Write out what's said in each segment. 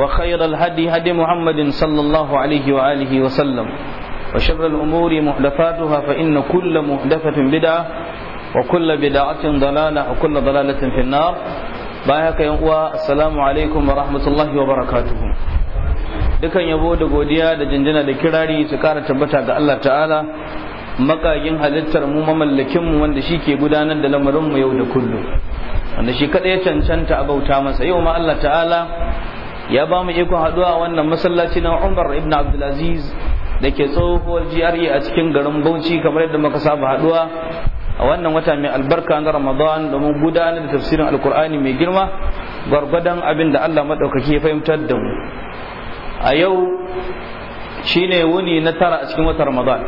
وخير الهدي هدي محمد صلى الله عليه وآله وسلم وشر الأمور محدثاتها فإن كل محدثة بدعة وكل بدعة ضلالة وكل ضلالة في النار بايك ينقوى السلام عليكم ورحمة الله وبركاته dukan yabo da godiya da jinjina da kirari su kara tabbata ga Allah ta'ala makagin halittar mu mamallakin mu wanda shi ke gudanar da lamarin mu yau da kullum wanda shi kadai ya cancanta a bauta masa yau ma Allah ta'ala ya ba mu iko haɗuwa a wannan masallaci na Umar ibn Abdulaziz da ke tsohuwar GRA e a cikin garin Bauchi kamar yadda muka saba haɗuwa a wannan wata mai albarka na Ramadan domin gudanar da tafsirin Alkur'ani mai girma gwargwadon abin da Allah maɗaukaki ya fahimtar da mu a yau shine wuni na tara a cikin watan Ramadan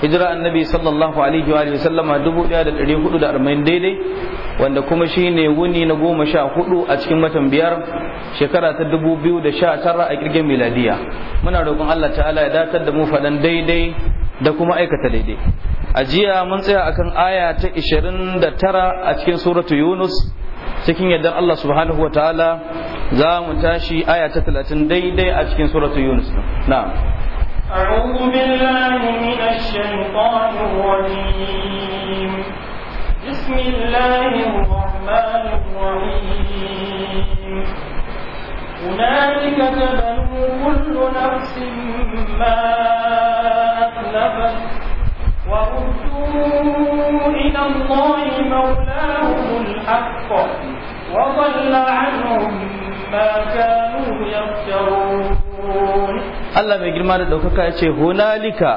hijira annabi sallallahu alaihi wa sallama 1440 daidai wanda kuma shine wuni na goma sha hudu a cikin watan biyar shekara ta 2019 a kirgin miladiya muna roƙon Allah ta'ala ya datar da mu faɗan daidai da kuma aikata daidai a jiya mun tsaya akan aya ta 29 a cikin suratu yunus cikin yadda Allah subhanahu wa ta'ala za mu tashi aya ta 30 daidai a cikin suratu yunus na'am أعوذ بالله من الشيطان الرجيم بسم الله الرحمن الرحيم هنالك تبلو كل نفس ما أسلفت وردوا إلى الله مولاهم الحق وضل عنهم ما كانوا يفترون Allah mai girma da ɗaukaka ya ce hunalika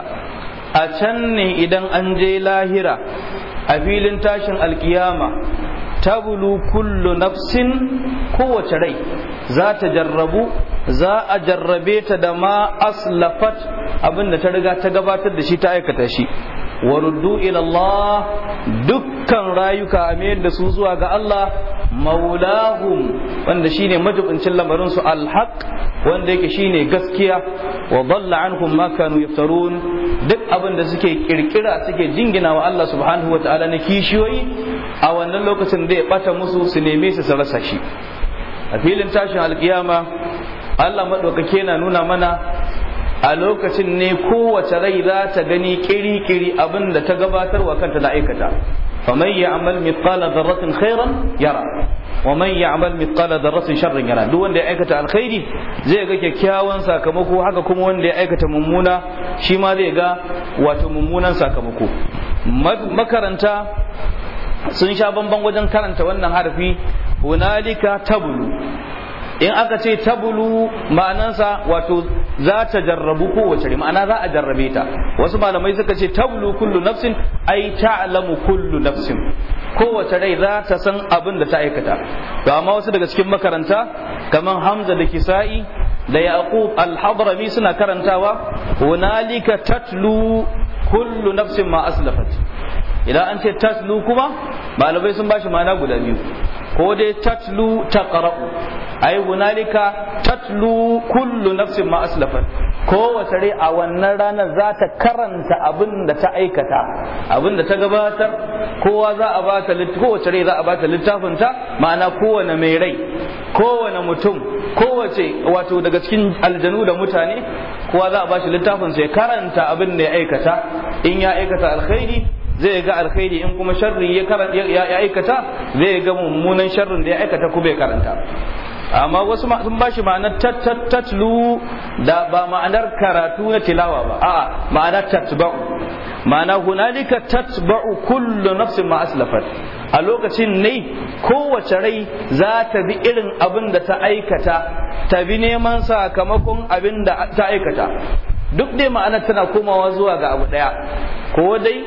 a can ne idan an je lahira a filin tashin alkiyama tabulu kullu nafsin kowace rai za ta jarrabu za a jarrabe ta da ma aslafat abinda ta riga ta gabatar da shi ta aikata shi wa ruddu ila Allah dukkan rayuka a mayar da su zuwa ga Allah maulahum wanda shine madubincin lamarin su alhaq wanda yake shine gaskiya wa dalla anhum ma kanu yaftarun duk abin da suke kirkira suke jingina wa Allah subhanahu wataala na kishiyoyi a wannan lokacin da ya bata musu su neme su su rasa shi a filin tashin alkiyama Allah maɗaukake na nuna mana a lokacin ne kowace rai za ta gani kiri-kiri abin da ta wa kanta da aikata faman ya amal mithqala dharratin khairan yara wa man ya amal mithqala dharratin sharrin yara duk wanda ya aikata alkhairi zai ga kyakkyawan sakamako haka kuma wanda ya aikata mummuna shi ma zai ga wato mummunan sakamako makaranta sun sha bamban wajen karanta wannan harfi hunalika tabulu in aka ce tabulu ma'anansa wato za ta jarrabu kowace rai ma'ana za a jarrabe ta wasu malamai suka ce tablu kullu nafsin ai ta'lamu kullu nafsin kowace rai za ta san abin da ta aikata to amma wasu daga cikin makaranta kamar Hamza da Kisa'i da Yaqub al-Hadrami suna karantawa hunalika tatlu kullu nafsin ma aslafat idan an ce tatlu kuma malamai sun bashi ma'ana guda biyu ko dai tatlu taqra'u ai hunalika tatlu kullu nafsin ma aslafat kowace rai a wannan ranar za ta karanta abin da ta aikata abin da ta gabatar kowa za a bata kowace rai za a bata littafin ta ma'ana kowane mai rai kowane mutum kowace wato daga cikin aljanu da mutane kowa za a bashi littafin sai karanta abin da ya aikata in ya aikata alkhairi zai ga alkhairi in kuma sharri ya aikata zai ga mummunan sharrin da ya aikata ku bai karanta amma wasu sun ba shi ma'anar tattatlu da ba ma'anar karatu na tilawa ba a'a ma'anar tatba'u ma'ana hunalika tatba'u kullu nafsin ma aslafat a lokacin ne kowace rai za ta bi irin abin da ta aikata ta bi neman sakamakon abin da ta aikata duk dai ma'anar tana komawa zuwa ga abu ɗaya ko dai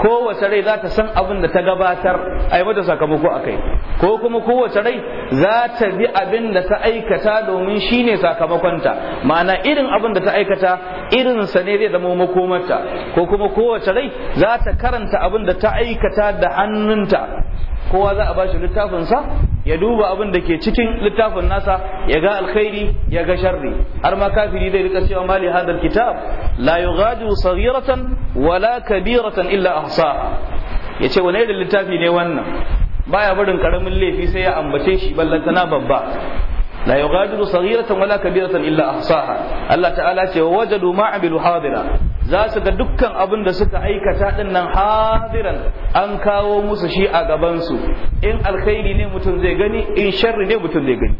kowace rai za ta san abin da ta gabatar a yi mata sakamako a kai ko kuma kowace rai za ta bi abin da ta aikata domin shi ne sakamakonta ma'ana irin abin da ta aikata irinsa ne zai zama makomarta ko kuma kowace rai za ta karanta abin da ta aikata da hannunta kowa za a ba shi littafinsa ya duba abin da ke cikin littafin nasa ya ga alkhairi ya ga sharri har ma kafiri zai rika cewa mali hadal kitab la yughadiru saghiratan wala kabiratan illa ahsa yace wane irin littafi ne wannan baya barin karamin laifi sai ya ambace shi ballantana babba لا يغادر صغيرة ولا كبيرة إلا allah ta'ala تعالى ووجدوا ما عملوا Hadira. za su ga dukkan abin da suka aikata ɗin nan hadiran an kawo musu shi a gabansu in alkhairi ne mutum zai gani in sharri ne mutum zai gani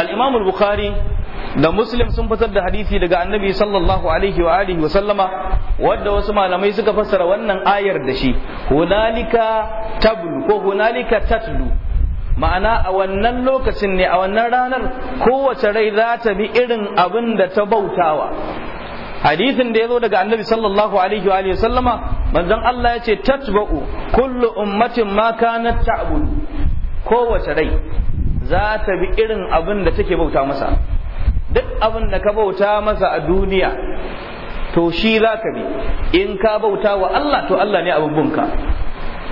al-imam bukhari da muslim sun fitar da hadisi daga annabi sallallahu alaihi wa alihi wa sallama wadda wasu malamai suka fassara wannan ayar da shi hunalika tablu ko hunalika tatlu ma'ana a wannan lokacin ne a wannan ranar kowace rai za ta bi irin abin da ta bautawa hadithin da ya zo daga annabi sallallahu alaihi wa alihi sallama manzon Allah ya ce tatba'u kullu ummatin ma kanat ta'bud kowace rai za ta bi irin abin da take bauta masa duk abin da ka bauta masa a duniya to shi za ka bi in ka bauta wa Allah to Allah ne abin bunka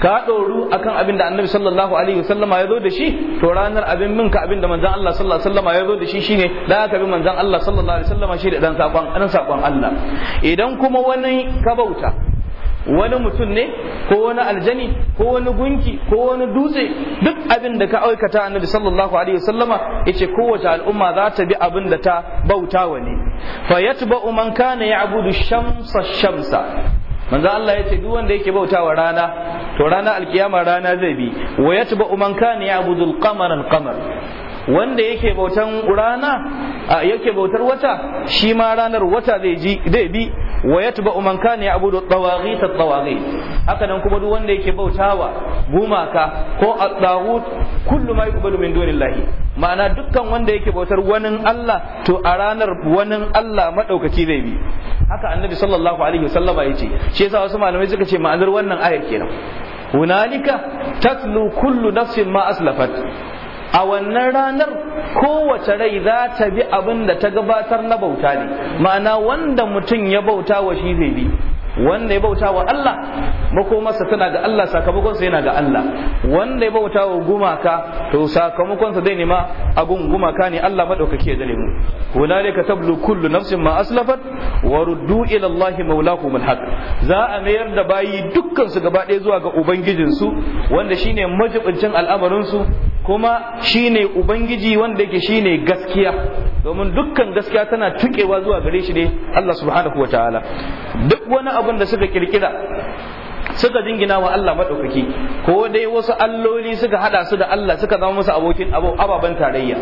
ka ɗoru akan abin da annabi sallallahu alaihi wasallama ya zo da shi to ranar abin min ka abin da manzon Allah sallallahu alaihi wasallama ya zo da shi shine da aka bi manzon Allah sallallahu alaihi wasallama shi da dan sakon dan sakon Allah idan kuma wani ka bauta wani mutum ne ko wani aljani ko wani gunki ko wani dutse duk abin da ka aikata annabi sallallahu alaihi wasallama yace kowace al'umma za ta bi abin da ta bauta wa ne fa yatba'u man kana ya'budu shamsa shamsa manzo Allah ya ce duk wanda yake bautawa rana to rana alkiyama rana zai bi wa yatba man kana ya'budu al-qamara al-qamar wanda yake bautan rana yake bautar wata shi ma ranar wata zai ji zai bi wa yatba man kana ya'budu at-tawaghit at-tawaghit haka nan kuma duk wanda yake bautawa gumaka ko at-taghut kullu ma yuqbalu min dunillahi ma'ana dukkan wanda yake bautar wani Allah to a ranar wani Allah madaukaki zai bi haka annabi sallallahu alaihi wasallama yace shi yasa wasu malamai suka ce ma'anar wannan ayar kenan hunalika tatlu kullu nafsin ma aslafat a wannan ranar kowace rai za ta bi abin da ta gabatar na bauta ne ma'ana wanda mutum ya bauta wa shi zai bi wanda ya bauta wa Allah makomarsa tana ga Allah sakamakonsa yana ga Allah wanda ya bauta wa gumaka to sakamakonsa zai nema abun gumaka ne Allah madaukake ya dare mu hunalika tablu kullu nafsin ma aslafat wa ruddu ila Allah mawlahum alhaq za a mayar da bayi dukkan su gaba ɗaya zuwa ga ubangijin su wanda shine majibincin al'amarin su kuma shine ubangiji wanda yake shine gaskiya domin dukkan gaskiya tana tukewa zuwa gare shi ne Allah subhanahu ta'ala. duk wani abin da suka kirkira suka jingina wa Allah maɗaukaki ko dai wasu alloli suka haɗa su da Allah suka zama musu abokin ababen tarayya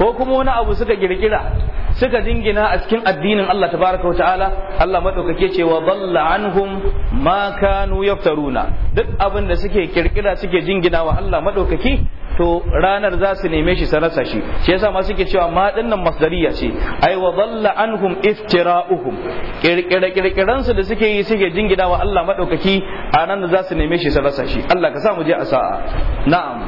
ko kuma wani abu suka girgira suka jingina a cikin addinin Allah tabaraka wa ta'ala Allah maɗaukaki ce wa dalla anhum ma kanu yaftaruna duk abin da suke kirkira suke jingina wa Allah maɗaukaki to ranar za su neme shi sanarsa shi shi yasa ma suke cewa ma dinnan masdariya ce ai wa dhalla anhum iftira'uhum kirkire kirkiran su da suke yi suke jingida wa Allah maɗaukaki a nan za su neme shi sanarsa shi Allah ka sa mu je a sa'a na'am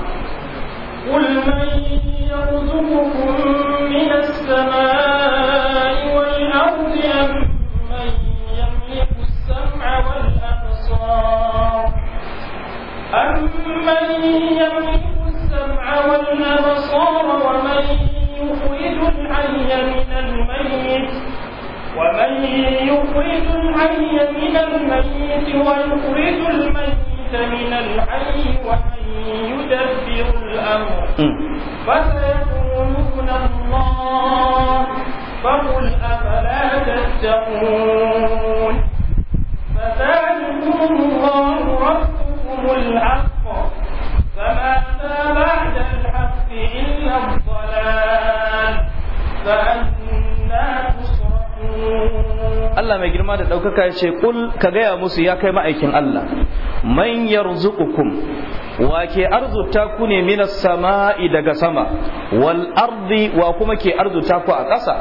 ɗaukaka ce kul ka gaya musu ya kai ma'aikin Allah man yarzuqukum wa ke arzuta ku ne minas sama'i daga sama wal ardi wa kuma ke arzuta ku a ƙasa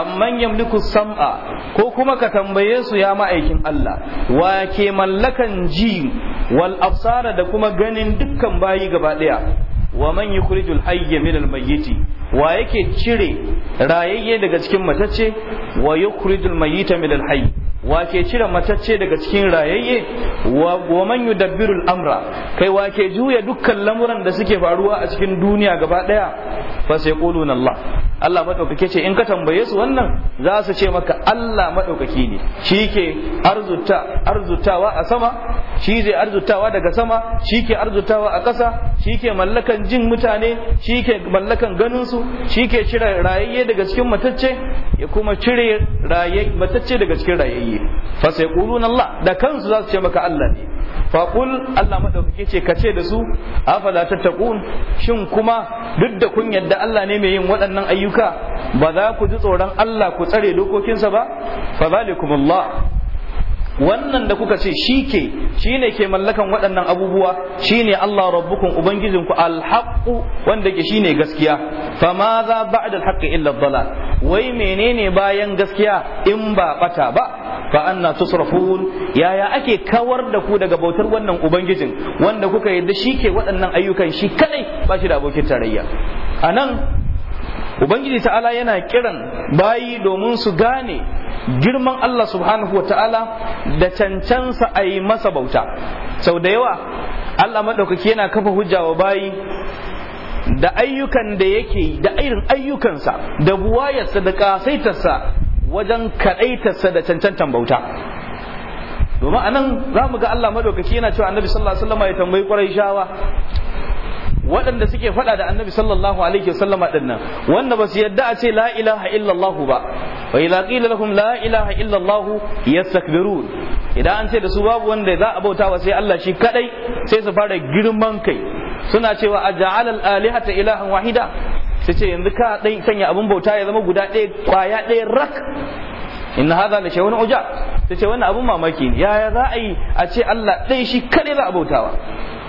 amman yamliku sam'a ko kuma ka tambaye su ya ma'aikin Allah wa ke mallakan ji wal afsara da kuma ganin dukkan bayi gaba daya wa man yukhrijul hayya min mayyiti wa yake cire rayayye daga cikin matacce wa yukhrijul mayyita min hayy wake cire matacce daga cikin rayayye wa man yudabbiru amra kai wake juya dukkan lamuran da suke faruwa a cikin duniya gaba daya fa sai quluna Allah Allah madaukake ce in ka tambaye su wannan za su ce maka Allah madaukake ne shi ke arzuta arzutawa a sama shi zai arzutawa daga sama shi ke arzutawa a ƙasa shi ke mallakan jin mutane shi ke mallakan ganinsu shi ke cire rayayye daga cikin matacce ya kuma cire matacce daga cikin rayayye fa sai Allah da kansu za su ce maka Allah ne fa qul Allah maɗaukake ce ka ce da su a tattaqun shin kuma duk da kun yadda Allah ne mai yin waɗannan ayyuka ba za ku ji tsoron Allah ku tsare dokokinsa ba fa wannan da kuka ce shi ke shi ne ke mallakan waɗannan abubuwa shi ne Allah rabbukun ubangijinku alhaƙu wanda ke shi ne gaskiya fa ma za ba'da alhaqqi illa dalal wai menene bayan gaskiya in ba ɓata ba fa anna tusrafun yaya ake kawar da ku daga bautar wannan ubangijin wanda kuka yarda shi ke waɗannan ayyukan shi kadai ba shi da abokin tarayya A nan, ubangiji ta'ala yana kiran bayi domin su gane girman Allah subhanahu wa ta'ala da cancansa a yi masa bauta sau da yawa Allah maɗaukaki yana kafa hujja wa bayi da ayyukan da yake da irin ayyukansa da buwayarsa da ƙasaitarsa wajen kaɗaitarsa da cancantan bauta domin nan za mu ga Allah maɗaukaki yana cewa annabi sallallahu alaihi wasallam ya tambayi ƙwarai shawa waɗanda suke faɗa da annabi sallallahu alaihi wasallam dinnan wanda ba su yadda a ce la ilaha illallah ba wa idza qila lahum la ilaha illallah yastakbirun idan an ce da su babu wanda za a bautawa sai Allah shi kadai sai su fara girman kai suna cewa aja'al al alihata ilahan wahida sai ce yanzu ka dai sanya abin bauta ya zama guda ɗaya kwaya ɗaya rak inna hadha la shay'un uja sai ce wannan abun mamaki yaya za a yi a ce Allah ɗaya shi kadai za a bautawa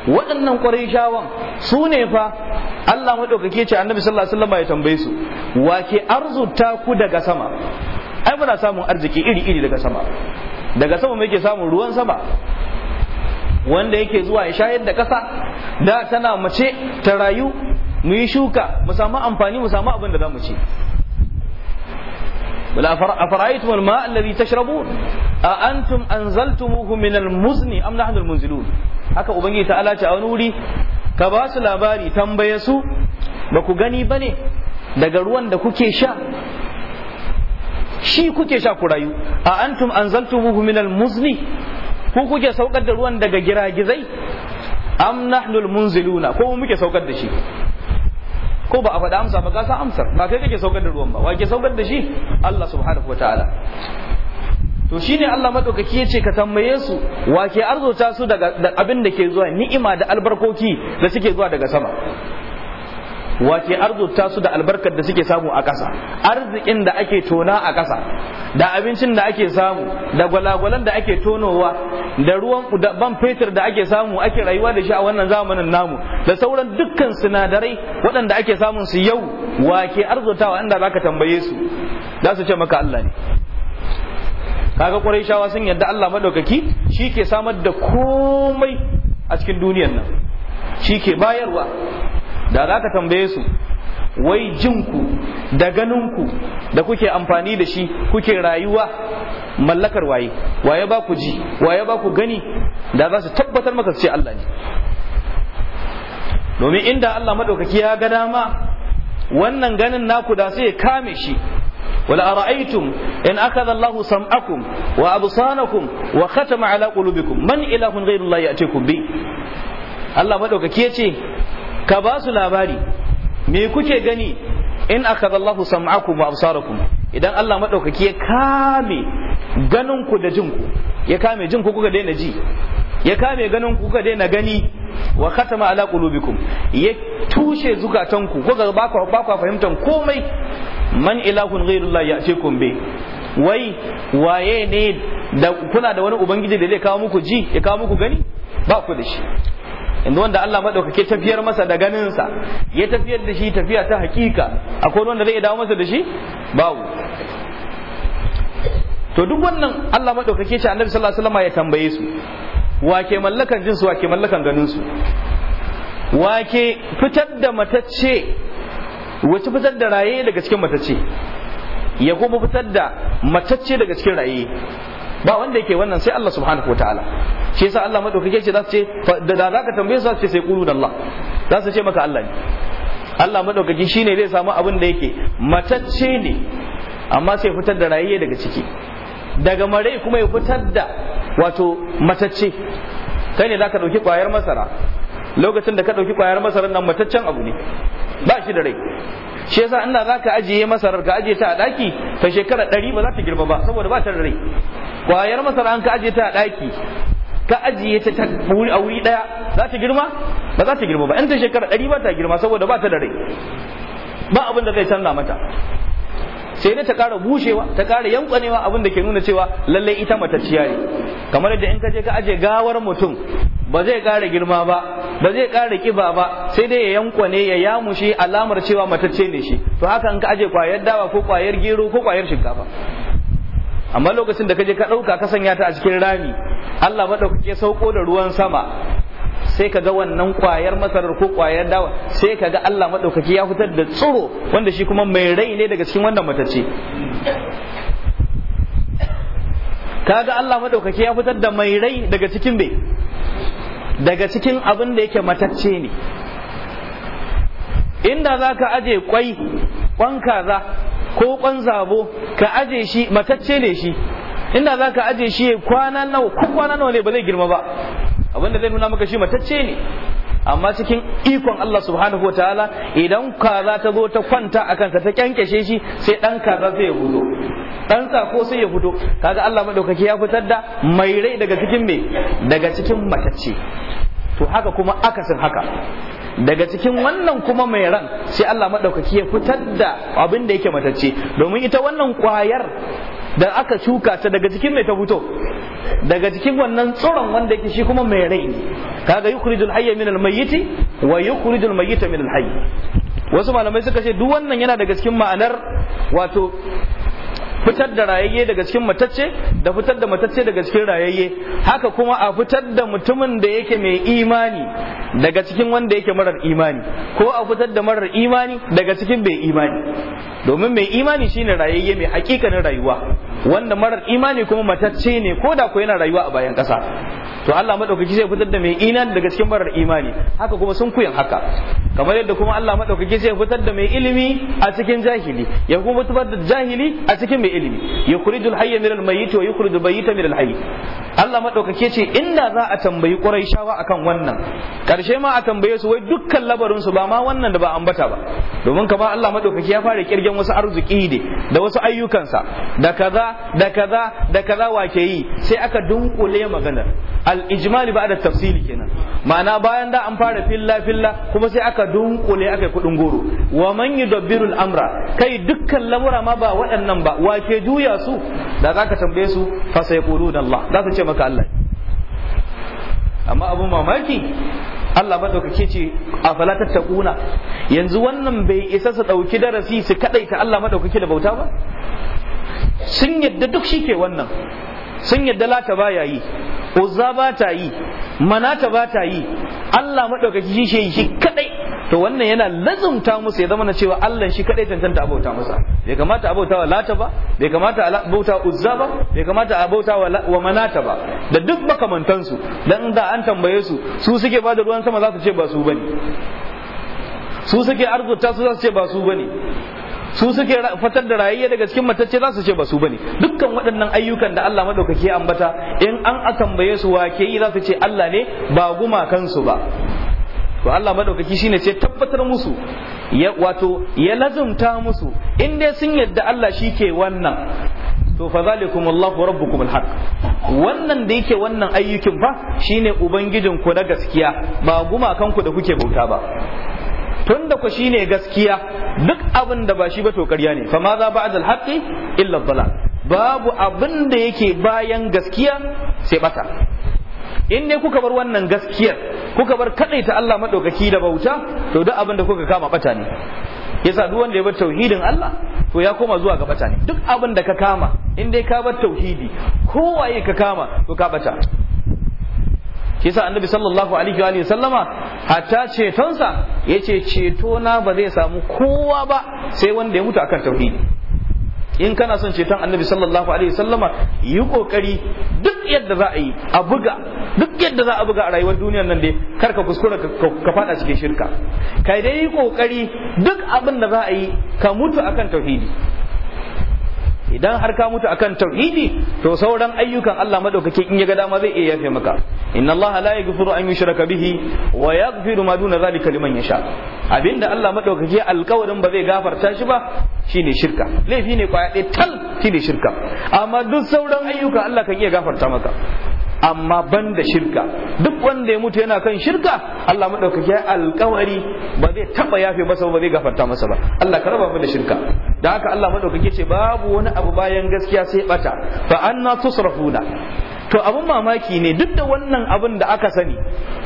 waɗannan shawan su ne fa Allah maɗaukake ce annabi sallallahu alaihi ya tambaye su wa ke arzuta ku daga sama ai muna samun arziki iri iri daga sama daga sama yake samun ruwan sama wanda yake zuwa ya shayar da ƙasa da tana mace ta rayu mu yi shuka mu samu amfani mu samu abin da za mu ci قل أفرأيتم الماء الذي تشربون أأنتم أنزلتموه من المزن أم نحن المنزلون haka ubangiji ta'ala ce a wani wuri ka ba su labari tambaye su ba ku gani ba ne daga ruwan da kuke sha shi kuke sha ku rayu a antum anzaltumuhu min muzni ku kuke saukar da ruwan daga giragizai am nahnul munziluna ko muke saukar da shi ko ba a faɗa amsa ba ka sa amsar ba kai kake saukar da ruwan ba wa ke saukar da shi Allah subhanahu wataala to shine Allah madaukaki yace ka tambaye su wa ke su daga abin da ke zuwa ni'ima da albarkoki da suke zuwa daga sama wace arzuta su da albarkar da suke samu a ƙasa arzikin da ake tona a ƙasa da abincin da ake samu da gwalagwalan da ake tonowa da ruwan ban fetur da ake samu ake rayuwa da shi a wannan zamanin namu da sauran dukkan sinadarai waɗanda ake samun su yau wake arzutawa inda ka tambaye su za su ce maka Allah ne kaga ƙwarai shawa sun yadda Allah madaukaki shi ke samar da komai a cikin duniyar nan shi ke bayarwa da za ka tambaye su wai jinku da ganinku da kuke amfani da shi kuke rayuwa mallakar waye waye ba ku ji waye ba ku gani da za su tabbatar maka su ce Allah ne domin inda Allah maɗaukaki ya ga dama wannan ganin naku da sai ya kame shi wala ara'aytum in akadha Allahu sam'akum wa absanakum wa khatama ala qulubikum man ilahun ghayru Allah ya'tikum bi Allah maɗaukaki ya ce ka ba su labari me kuke gani in akadallahu sam'akum wa absarakum idan Allah madaukaki ya kame ganin ku da jinku ya kame jin ku kuka daina ji ya kame ganin ku kuka daina gani wa khatama ala qulubikum ya tushe zukatanku kuka ba ku ba ku fahimtan komai man ilahun ghairullah ya'tikum bi wai waye ne da kuna da wani ubangiji da zai kawo muku ji ya kawo muku gani ba ku da shi inda wanda Allah madaukake tafiyar masa da ganinsa ya tafiyar da shi tafiya ta hakika akwai wanda zai dawo masa da shi babu to duk wannan Allah madaukake shi annabi sallallahu alaihi wasallam ya tambaye su wake mallakan jinsu wake mallakan ganin su wake fitar da matacce wace fitar da raye daga cikin matacce ya kuma fitar da matacce daga cikin raye ba wanda yake wannan sai Allah subhanahu wataala shi yasa Allah madaukake ce za su ce da za ka tambaye su za su ce sai qulu Allah za su ce maka Allah ne Allah shi shine zai samu abin da yake matacce ne amma sai fitar da rayiye daga ciki daga Mare kuma ya fitar da wato matacce kai ne za ka ɗauki kwayar masara lokacin da ka ɗauki kwayar masarar nan mataccen abu ne ba shi da rai shi yasa inda zaka ajiye masarar ka ajiye ta a daki ta shekara ɗari ba za ta girba ba saboda ba ta da rai kwayar masara an ka ajiye ta a daki ka ajiye ta a wuri daya za ta girma ba za ta girma ba in ta shekara ɗari ba ta girma saboda ba ta da rai ba abin da zai canza mata sai dai ta ƙara bushewa ta ƙara yankwanewa abin da ke nuna cewa lallai ita mata ne kamar yadda in ka je ka ajiye gawar mutum ba zai ƙara girma ba ba zai ƙara kiba ba sai dai ya yanko ne ya yamushe alamar cewa matacce ne shi to haka in ka aje kwayar dawa ko kwayar gero ko kwayar shinkafa amma lokacin da ka je ka ɗauka ka sanya ta a cikin rami Allah maɗaukaki ya sauko da ruwan sama sai ka ga wannan kwayar masarar ko kwayar dawa sai ka ga Allah maɗaukaki ya fitar da tsiro wanda shi kuma mai rai ne daga cikin wannan matacce kaga Allah maɗaukaki ya fitar da mai rai daga cikin bai daga cikin abin da yake matacce ne inda za ka aje kwai kwan kaza ko kwan zabo ka aje shi matacce ne shi inda za ka aje shi kwana nawa ko kwana nawa ne ba zai girma ba abin da zai nuna maka shi matacce ne amma cikin ikon Allah subhanahu wa ta'ala idan kaza ta zo ta kwanta a kansa ta kyankyashe shi sai dan kaza sai ya fito dan ko sai ya fito kaga Allah maɗaukaki ya fitar da mai rai daga cikin me daga cikin matacce to haka kuma akasin haka daga cikin wannan kuma mai ran sai Allah maɗaukaki ya fitar da abin da yake matacce domin ita wannan kwayar da aka shuka ta daga cikin mai ta fito daga cikin wannan tsoron wanda yake shi kuma mai rai kaga yukhrijul hayya min al mayyiti wa yukhrijul mayyita min al hayy wasu malamai suka ce duk wannan yana daga cikin ma'anar wato fitar da rayayye daga cikin matacce da fitar da matacce daga cikin rayayye haka kuma a fitar da mutumin da yake mai imani daga cikin wanda yake marar imani ko a fitar da marar imani daga cikin bai imani domin mai imani shine rayayye mai hakikanin rayuwa wanda marar imani kuma matacce ne ko da ko yana rayuwa a bayan kasa to Allah madaukaki zai fitar da mai imani daga cikin marar imani haka kuma sun kuyan haka kamar yadda kuma Allah madaukaki zai fitar da mai ilimi a cikin jahili ya kuma fitar da jahili a cikin mai ilimi yukridul hayya minal mayyit wa yukhrijul mayyita minal hayy Allah madaukaki ce inda za a tambayi quraishawa akan wannan karshe ma a tambaye su wai dukkan labarin su ba ma wannan da ba ambata ba domin kamar Allah madaukaki ya fara kirgen wasu arziki ne da wasu ayyukansa da kaza da kaza da kaza wake yi sai aka dunkule maganar al-ijmali ba da tafsili kenan ma'ana bayan da an fara filla filla kuma sai aka dunkule aka kudin goro wa man yudabbirul amra kai dukkan lamura ma ba waɗannan ba wake juya su da zaka tambaye su fa sai Allah za su ce maka Allah amma abu mamaki Allah dauka ce a falatar ta kuna yanzu wannan bai isa su ɗauki darasi su kaɗaita Allah maɗaukaki da bauta ba sun yadda duk shi ke wannan sun yadda lata ya yi uzza ba ta yi manata ba ta yi Allah maɗaukaki shi shi shi kadai to wannan yana lazumta musu ya zama na cewa Allah shi kadai tantanta abauta masa bai kamata abauta wa lata ba bai kamata abauta wa uzza ba bai kamata abauta wa manata ba da duk makamantansu dan da an tambaye su su suke ba da ruwan sama za su ce ba su bane su suke arzuta su za su ce ba su bane su suke fatar da rayayya daga cikin matacce za su ce ba su bane dukkan waɗannan ayyukan da Allah madaukake ambata in an tambaye su wa ke yi za su ce Allah ne ba gumakansu ba to Allah madaukaki shine ce tabbatar musu ya wato ya lazumta musu in dai sun yadda Allah shi ke wannan to fa zalikum Allahu rabbukum wannan da yake wannan ayyukin fa shine ubangijinku na gaskiya ba gumakanku da kuke bauta ba tun da ku shine gaskiya duk abin da ba shi ba to ƙarya ne fa ma za ba ba'dal haqqi illa dhalal babu abin da yake bayan gaskiya sai bata in dai kuka bar wannan gaskiyar kuka bar kadai ta Allah madaukaki da bauta to duk abin da kuka kama bata ne yasa duk wanda ya bar tauhidin Allah to ya koma zuwa ga bata ne duk abin da ka kama in dai ka bar tauhidi kowaye ka kama to ka bata shi annabi sallallahu alaihi wa sallama hatta cetonsa yace ceto na ba zai samu kowa ba sai wanda ya mutu akan tauhidi in kana son ceton annabi sallallahu alaihi sallama yi kokari duk yadda za a yi a buga duk yadda za a buga a rayuwar duniyar nan dai kar ka kuskura ka fada cikin shirka kai dai yi kokari duk abin da za a yi ka mutu akan tauhidi idan har ka mutu akan tauhidi to sauran ayyukan Allah madaukake in ya ga dama zai iya yafe maka inna Allah la yaghfiru an yushraka bihi wa yaghfiru ma duna zalika liman yasha abinda Allah madaukake alkawarin ba zai gafarta shi ba shine shirka laifi ne kwaya ɗaya tal shine shirka amma duk sauran ayyukan Allah kan iya gafarta maka amma banda shirka duk wanda ya mutu yana kan shirka Allah maɗaukaki ya alkawari ba zai taba yafe masa ba zai gafarta masa ba Allah ka raba mu da shirka da haka Allah maɗaukaki ce babu wani abu bayan gaskiya sai bata fa anna tusrafuna to abun mamaki ne duk da wannan abin da aka sani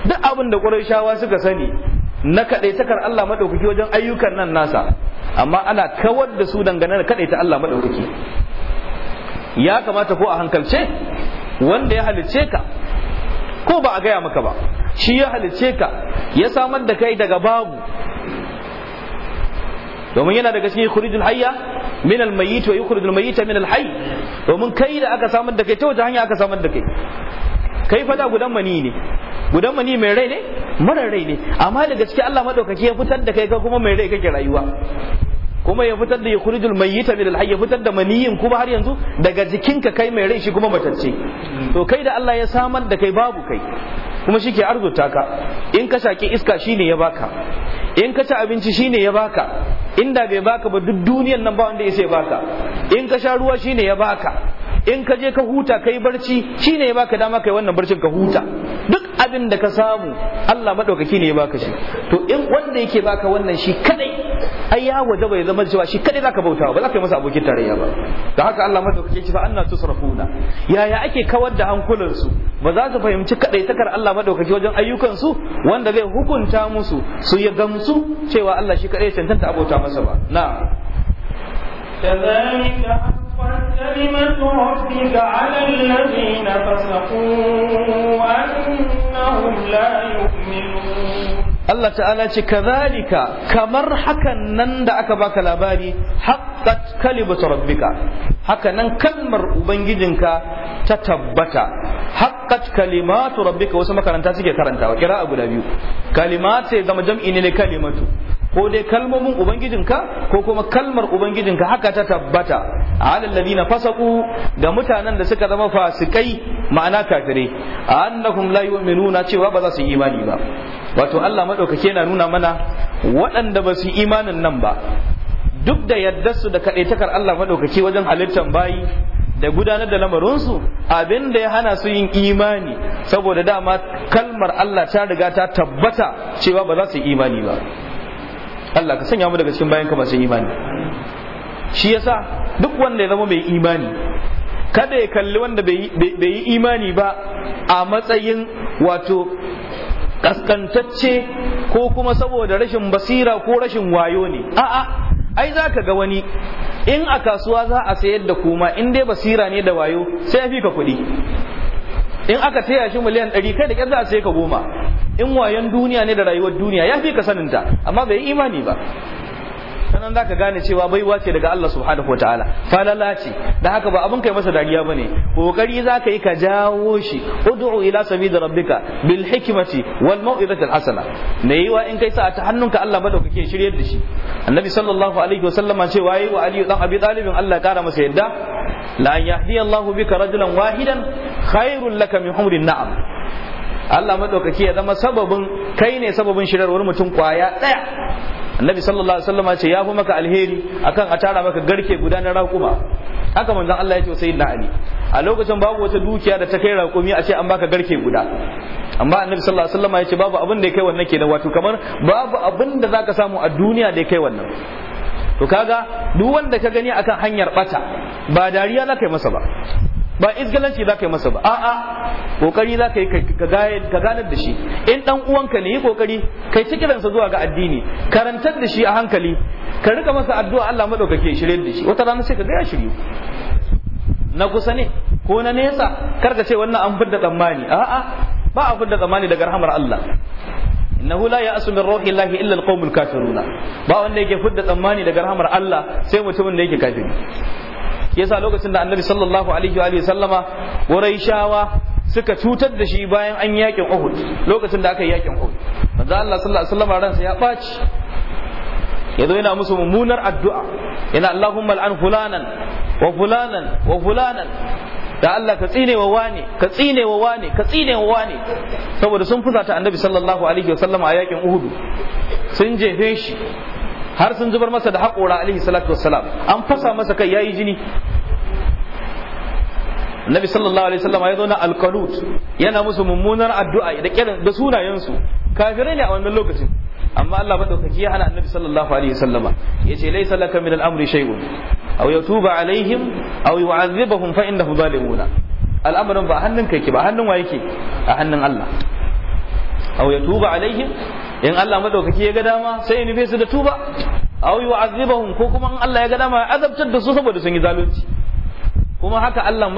duk abin da Qurayshawa suka sani na kaɗaitakar Allah maɗaukaki wajen ayyukan nan nasa amma ana kawar da su dangane da kaɗaita Allah maɗaukaki ya kamata ko a hankalce wanda ya halice ka ko ba a gaya maka ba shi ya halice ka ya samar da kai daga babu domin yana daga cikin khurujul hayya min al mayyit wa yukhrijul mayyit min al hayy domin kai da aka samar da kai ta wata hanya aka samar da kai kai fa da gudan mani ne gudan mani mai rai ne mara rai ne amma daga cikin Allah madaukaki ya fitar da kai ka kuma mai rai kake rayuwa kuma ya fitar da ya kurijul mai yi tabi ya fitar da maniyin kuma har yanzu daga jikinka kai mai rai shi kuma matacce to kai da Allah ya samar da kai babu kai kuma shi ke arzuta ka in ka shaƙi iska shi ne ya baka in ka ci abinci shi ne ya baka inda bai baka ba duk duniyan nan ba wanda ya sai baka in ka sha ruwa shi ne ya baka in ka je ka huta kai barci shi ne ya baka dama kai wannan barcin ka huta duk abin da ka samu Allah madaukaki ne ya baka shi to in wanda yake baka wannan shi kadai ai ya waje bai zama cewa shi kadai zaka bauta ba za ka yi masa abokin tarayya ba da haka Allah madaukaki ya ce fa anna tusrafuna yaya ake kawar da hankulan su ba za su fahimci kadai takar Allah madaukaki wajen ayyukan su wanda zai hukunta musu su ya gamsu cewa Allah shi kadai ya cancanta abota masa ba na. كذلك كلمة ربك على الذين فسقوا أنهم لا يؤمنون Allah ta'ala ce kazalika kamar hakan nan da aka baka labari haqqat kalimatu rabbika haka nan kalmar ubangijinka ta tabbata haqqat kalimatu rabbika wasu makaranta suke karantawa kira'a guda biyu kalimatu sai zama jam'i ne kalimatu ko dai kalmomin ubangijinka ko kuma kalmar ubangijinka haka ta tabbata alal na fasaqu da mutanen da suka zama fasikai ma'ana kafirai annahum la yu'minuna cewa ba za su yi imani ba wato Allah madaukake yana nuna mana waɗanda ba su yi imanin nan ba duk da yadda su da kaɗaitakar Allah madaukake wajen halittar bayi da gudanar da lamarinsu su abinda ya hana su yin imani saboda dama kalmar Allah ta riga ta tabbata cewa ba za su yi imani ba Allah ka sanya mu daga cikin bayan ka masu imani shi yasa duk wanda ya zama mai imani kada ya kalli wanda bai yi imani ba a matsayin wato kaskantacce ko kuma saboda rashin basira ko rashin wayo ne a'a ai za ka ga wani in a kasuwa za a sayar da kuma in dai basira ne da wayo sai ya fi ka kuɗi in aka taya shi miliyan ɗari kai da ƙyar za a sai ka goma in wayon duniya ne da rayuwar duniya ya fi ka saninta amma bai yi imani ba sanan zaka gane cewa baiwa ce daga Allah subhanahu ta'ala falala ce da haka ba abin kai masa dariya bane kokari zaka yi ka jawo shi ud'u ila sabili rabbika bil hikmati wal mau'izati asala. hasana yi wa in kai sa ta hannunka Allah madaukake shiryar da shi annabi sallallahu alaihi wasallama cewa yayi wa aliyu dan abi talibin Allah kara masa yadda la yahdi Allah bika rajulan wahidan khairul laka min humrin na'am Allah madaukaki ya zama sababin kai ne sababin shirarwar mutum kwaya daya annabi sallallahu alaihi wasallam ce ya fi maka alheri akan a tara maka garke guda na raƙuma haka manzon Allah ya ce sayyidina Ali a lokacin babu wata dukiya da ta kai raƙumi a ce an baka garke guda amma annabi sallallahu alaihi wasallam ya ce babu abin da ya kai wannan kenan wato kamar babu abin da zaka samu a duniya da ya kai wannan to kaga duk wanda ka gani akan hanyar bata ba dariya na kai masa ba ba izgalanci za ka yi masa ba a'a kokari za ka yi ka ganar da shi in dan uwanka ne yi kokari kai ci kiransa zuwa ga addini karantar da shi a hankali ka rika masa addu'a Allah madaukake shirye da shi wata rana sai ka ga ya na kusa ne ko na nesa kar ka ce wannan an fidda tsammani a'a ba a fidda tsammani daga rahamar Allah innahu la ya'su min ruhi illa alqawmul kafiruna ba wanda yake fidda tsammani daga rahamar Allah sai mutumin da yake kafiri yasa lokacin da annabi sallallahu alaihi wa sallama quraishawa suka cutar da shi bayan an yakin Uhud lokacin da aka yi yakin Uhud manzo Allah sallallahu alaihi wasallam ransa ya baci yazo yana musu mummunar addu'a yana Allahumma al'an fulanan wa fulanan wa fulanan da Allah ka tsine wa wane ka tsine wa wane ka tsine wa wane saboda sun fusata annabi sallallahu alaihi wa sallama a yakin Uhud sun jefe shi har sun zubar masa da haƙora alaihi salatu wassalam an fasa masa kai yayi jini Nabi sallallahu alaihi wasallam ya zauna alqanut yana musu mummunar addu'a da kiran da sunayensu kafirai ne a wannan lokacin amma Allah madaukaki ya hana Annabi sallallahu alaihi wasallama yace laysa laka min al-amri shay'un aw yatuba alaihim aw yu'adhibahum fa innahum zalimuna al'amarin ba hannun kai ke ba hannun wa yake a hannun Allah aw yatuba alaihim in Allah madaukaki ya ga dama sai in nufe su da tuba aw yu'azzibahum ko kuma in Allah ya ga dama ya azabtar da su saboda sun yi zalunci kuma haka Allah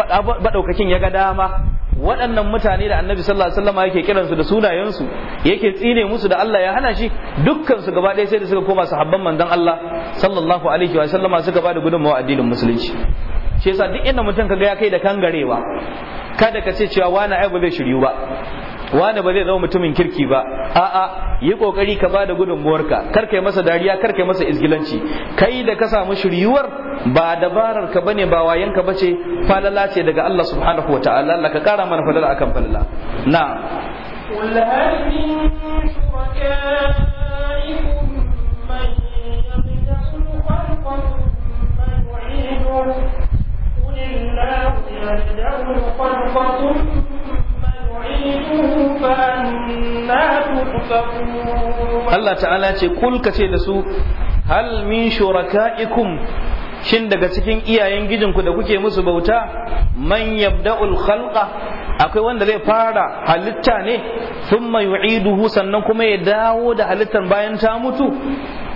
madaukakin ya ga dama waɗannan mutane da annabi sallallahu alaihi wasallam yake kiransu da sunayensu yake tsine musu da Allah ya hana shi dukkan su gaba ɗaya sai da suka koma sahabban manzon Allah sallallahu alaihi wa suka bada gudunmawa addinin musulunci shi yasa duk inda mutum ka ga ya kai da kangarewa kada ka ce cewa wani aibu ba zai shiryu ba wani ba zai zama mutumin kirki ba a'a yi kokari ka bada gudunmuwarka kar yi masa dariya kar kai masa izgilanci kai da ka samu shiryuwar ba dabarar ka bane ba wayan ka bace falala ce daga Allah subhanahu wa ta'ala Allah ka kara mana falala akan falala na قل هل Allah Ta'ala ya kul تعالى ce dasu, hal min من shin daga cikin iyayen gijinku da kuke musu bauta man yabda'ul khalqa akwai wanda zai fara halitta ne thumma yu'iduhu sannan kuma ya dawo da halittar bayan ta mutu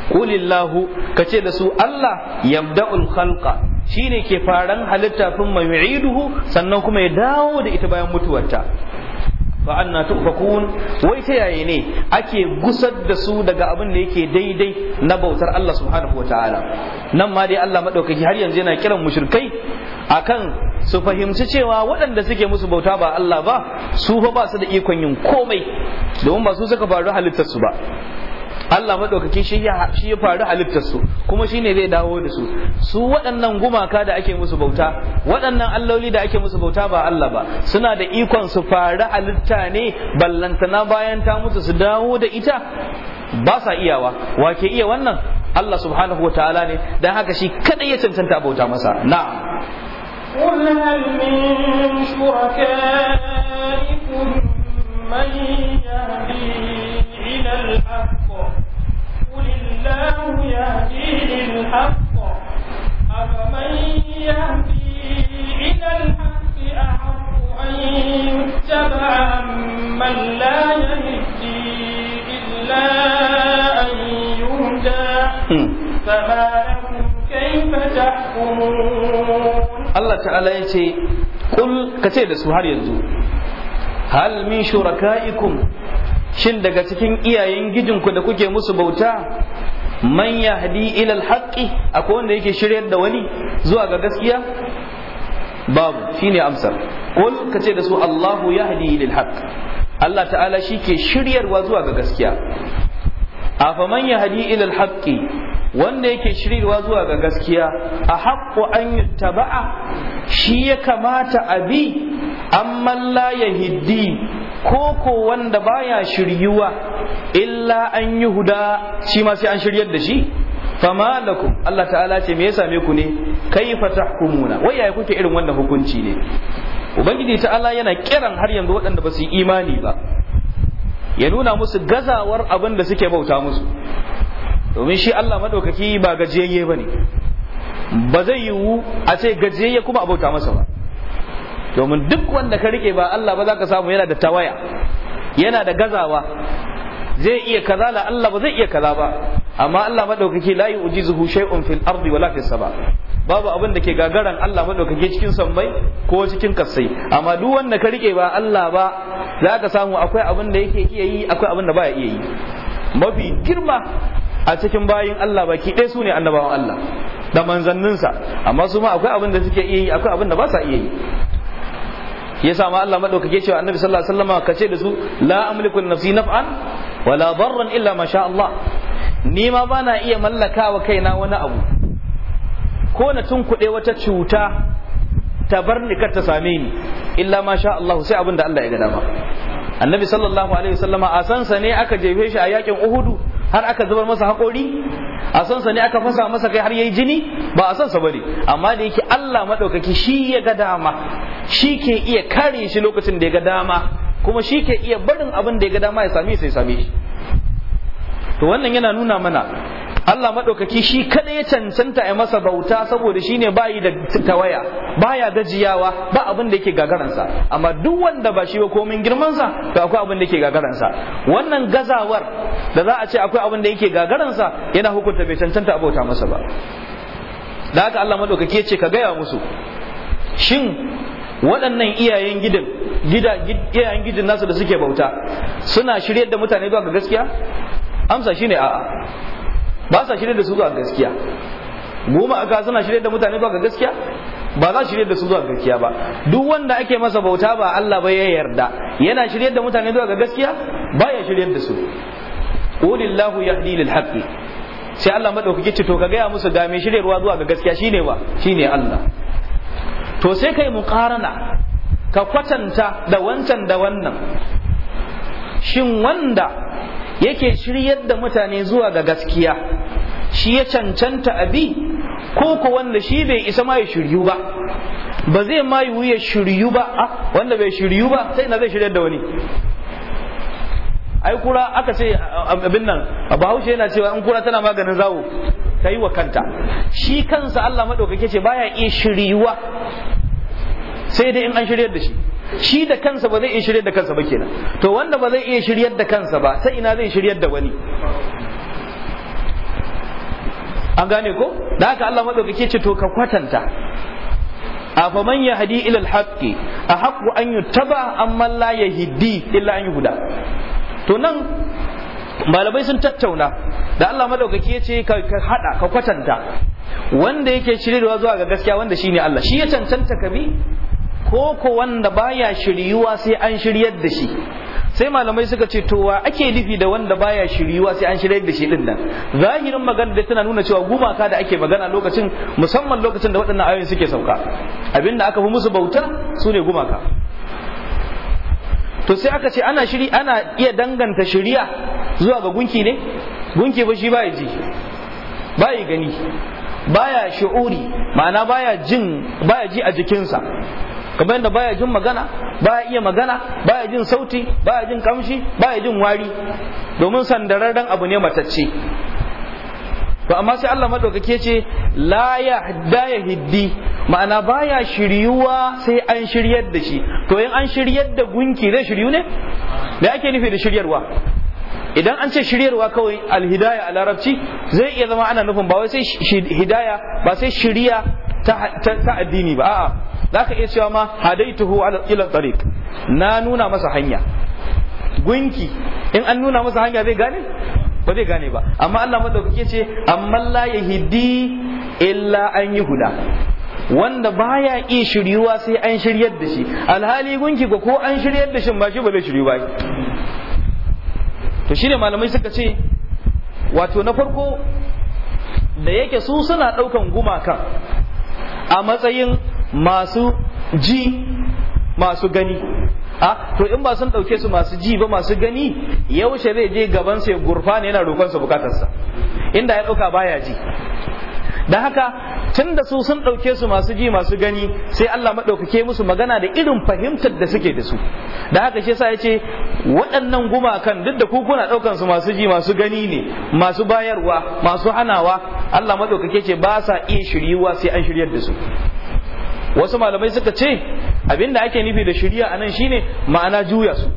qulillahu kace da su Allah yabda'ul khalqa shine ke faran halitta thumma yu'iduhu sannan kuma ya dawo da ita bayan mutuwarta fa anna tufakun wai ta yaya ne ake gusar da su daga abin da yake daidai na bautar Allah subhanahu wataala nan ma dai Allah madaukaki har yanzu yana kiran mushrikai akan su fahimci cewa waɗanda suke musu bauta ba Allah ba su fa ba su da ikon yin komai domin ba su suka faru halittarsu ba Allah madaukakin shi ya faru su kuma shine zai dawo da su su waɗannan gumaka da ake musu bauta waɗannan alloli da ake musu bauta ba Allah ba suna da ikon su faru halitta ne ballantana bayan ta mutu su dawo da ita ba sa iyawa wa ke iya wannan Allah subhanahu wa ta'ala ne dan haka shi kaɗai ya cancanta bauta masa na قل هل من شركائكم من يهدي الحق الله يهدي للحق أفمن يهدي إلى الحق أحق أن يتبع لا يهدي إلا أن يهدى فما لكم كيف تحكمون الله تعالى يتي قل كتير سبحان هل من شركائكم shin daga cikin iyayen gijinku da kuke musu bauta man yahdi ila alhaqi akwai wanda yake shiryar da wani zuwa ga gaskiya babu shine amsar qul ce da su Allahu ya yahdi ilal haqq Allah ta'ala shi ke shiryarwa zuwa ga gaskiya A afaman yahdi ila haƙƙi wanda yake shiryarwa zuwa ga gaskiya a haqqu an yi yuttaba'a shi ya kamata a abi amman la yahdi ko ko wanda baya shiryuwa illa an yi huda shi ma sai an shiryar da shi fama ku. Allah ta'ala ce me ya same ku ne Kai fata tahkumuna wai yaya kuke irin wannan hukunci ne ubangiji ta'ala yana kiran har yanzu waɗanda ba su yi imani ba ya nuna musu gazawar abin da suke bauta musu domin shi Allah madaukaki ba gajiyayye bane ba zai yiwu a ce gajiyayye kuma a bauta masa ba domin duk wanda ka rike ba Allah ba za ka samu yana da tawaya yana da gazawa zai iya kaza la Allah ba zai iya kaza ba amma Allah madaukaki la yu'jizuhu shay'un fil ardi wala fis sama babu abin da ke gagaran Allah madaukaki cikin sammai ko cikin kasai amma duk wanda ka rike ba Allah ba za ka samu akwai abin da yake iya yi akwai abin da baya iya yi mafi girma a cikin bayin Allah baki ɗaya su ne annabawan Allah da manzanninsa amma su ma akwai abin da suke iya yi akwai abin da ba sa iya yi yasa ma Allah madaukake cewa annabi sallallahu alaihi wasallam kace da su la amliku nafsi naf'an wala darran illa ma sha Allah ni ma bana iya mallakawa kaina wani abu ko na tunkuɗe wata cuta ta bar ni kar ta same ni illa ma sha Allah sai abin da Allah ya ga dama annabi sallallahu alaihi wasallam a sansa ne aka jefe shi a yakin uhudu har aka zubar masa hakori a son sa ne aka fasa masa kai har yayi jini ba a son sa bane amma da yake Allah madaukaki shi ya ga dama shi ke iya kare shi lokacin da ya ga dama kuma shi ke iya barin abin da ya ga dama ya same sai same shi to wannan yana nuna mana Allah maɗaukaki shi kada ya cancanta ya masa bauta saboda shi ne bayi da tawaya baya gajiyawa ba abin da yake gagaransa amma duk wanda ba shi ba komin girmansa to akwai abin da yake gagaransa wannan gazawar da za a ce akwai abin da yake gagaransa yana hukunta bai cancanta a bauta masa ba da haka Allah maɗaukaki ya ce ka gaya musu shin waɗannan iyayen gidan iyayen gidan nasu da suke bauta suna shiryar da mutane zuwa ga gaskiya amsa shine a'a ba sa shirye da su zuwa gaskiya goma aka suna shirye da mutane zuwa ga gaskiya ba za shirye da su zuwa gaskiya ba duk wanda ake masa bauta ba Allah ba ya yarda yana shirye da mutane zuwa ga gaskiya ba ya shirye da su qulillahu yahdi lil haqqi sai Allah madaukaki ce to ka gaya musu ga mai shiryarwa zuwa ga gaskiya shine ba shine Allah to sai kai muqarana ka kwatanta da wancan da wannan shin wanda yake shiryar da mutane zuwa ga gaskiya shi ya cancanta abi ko ko wanda shi bai isa ma ya shiryu ba ba zai ma yiwu ya shiryu ba ah, wanda bai shiryu ba sai na zai shiryar da wani ai kura aka ce abin nan bahaushe yana cewa in kura tana maganin zawo ta yi wa kanta shi kansa Allah maɗaukake ce baya iya shiryuwa sai dai in an shiryar da shi shi da kansa ba zai iya shiryar da kansa ba kenan to wanda ba zai iya shiryar da kansa ba sai ina zai shiryar da wani an gane ko da haka Allah madaukake ce to ka kwatanta man yahdi ila alhaqi ahqqu an yutaba amma la yahdi illa an yuhda to nan malamai sun tattauna da Allah madaukake ya ce ka hada ka kwatanta wanda yake shiryarwa zuwa ga gaskiya wanda shine Allah shi ya cancanta ka bi Koko wanda baya shiryuwa sai an shiryar da shi sai malamai suka ce to wa ake nufi da wanda baya shiryuwa sai an shiryar da shi din nan zahirin magana da tana nuna cewa gumaka da ake magana lokacin musamman lokacin da waɗannan ayoyin suke sauka abinda aka fi musu bauta su ne gumaka to sai aka ce ana shiri ana iya danganta shiriya zuwa ga gunki ne gunki ba shi baya ji baya gani baya shi'uri ma'ana baya jin baya ji a jikinsa kamar yadda baya jin magana baya iya magana baya jin sauti baya jin kamshi baya jin wari domin sandararren abu ne matacce to amma sai Allah madaukake ce la ya ya hiddi ma'ana baya shiryuwa sai an shiryar da shi to in an shiryar da gunki zai shiryu ne Me ake nufi da shiryarwa idan an ce shiryarwa kawai alhidaya a larabci zai iya zama ana nufin ba wai sai hidaya ba sai shiriya ta addini ba a'a zaka iya cewa ma hadaituhu ila tariq na nuna masa hanya gunki in an nuna masa hanya zai gane ba zai gane ba amma Allah madaukake ce amma la yahdi illa an yuhda wanda baya iya shiryuwa sai an shiryar da shi alhali gunki ko ko an shiryar da shi ba shi ba zai shiryu ba to shine malamai suka ce wato na farko da yake su suna ɗaukan gumakan a matsayin masu ji masu gani a ah, to in ba sun ɗauke su masu ji ba masu gani yaushe zai je gaban sai gurfa ne yana roƙon sa bukatarsa inda ya ɗauka baya ji da haka tun da su sun ɗauke su masu ji masu gani sai Allah maɗaukake musu magana da irin fahimtar da suke da su da haka shi yasa ya ce waɗannan gumakan duk da ku kuna ɗaukan su masu ji masu gani ne masu bayarwa masu hanawa Allah maɗaukake ce ba sa iya shiryuwa sai an shiryar da su wasu malamai suka ce abinda ake nufi da a anan shine ma'ana juya su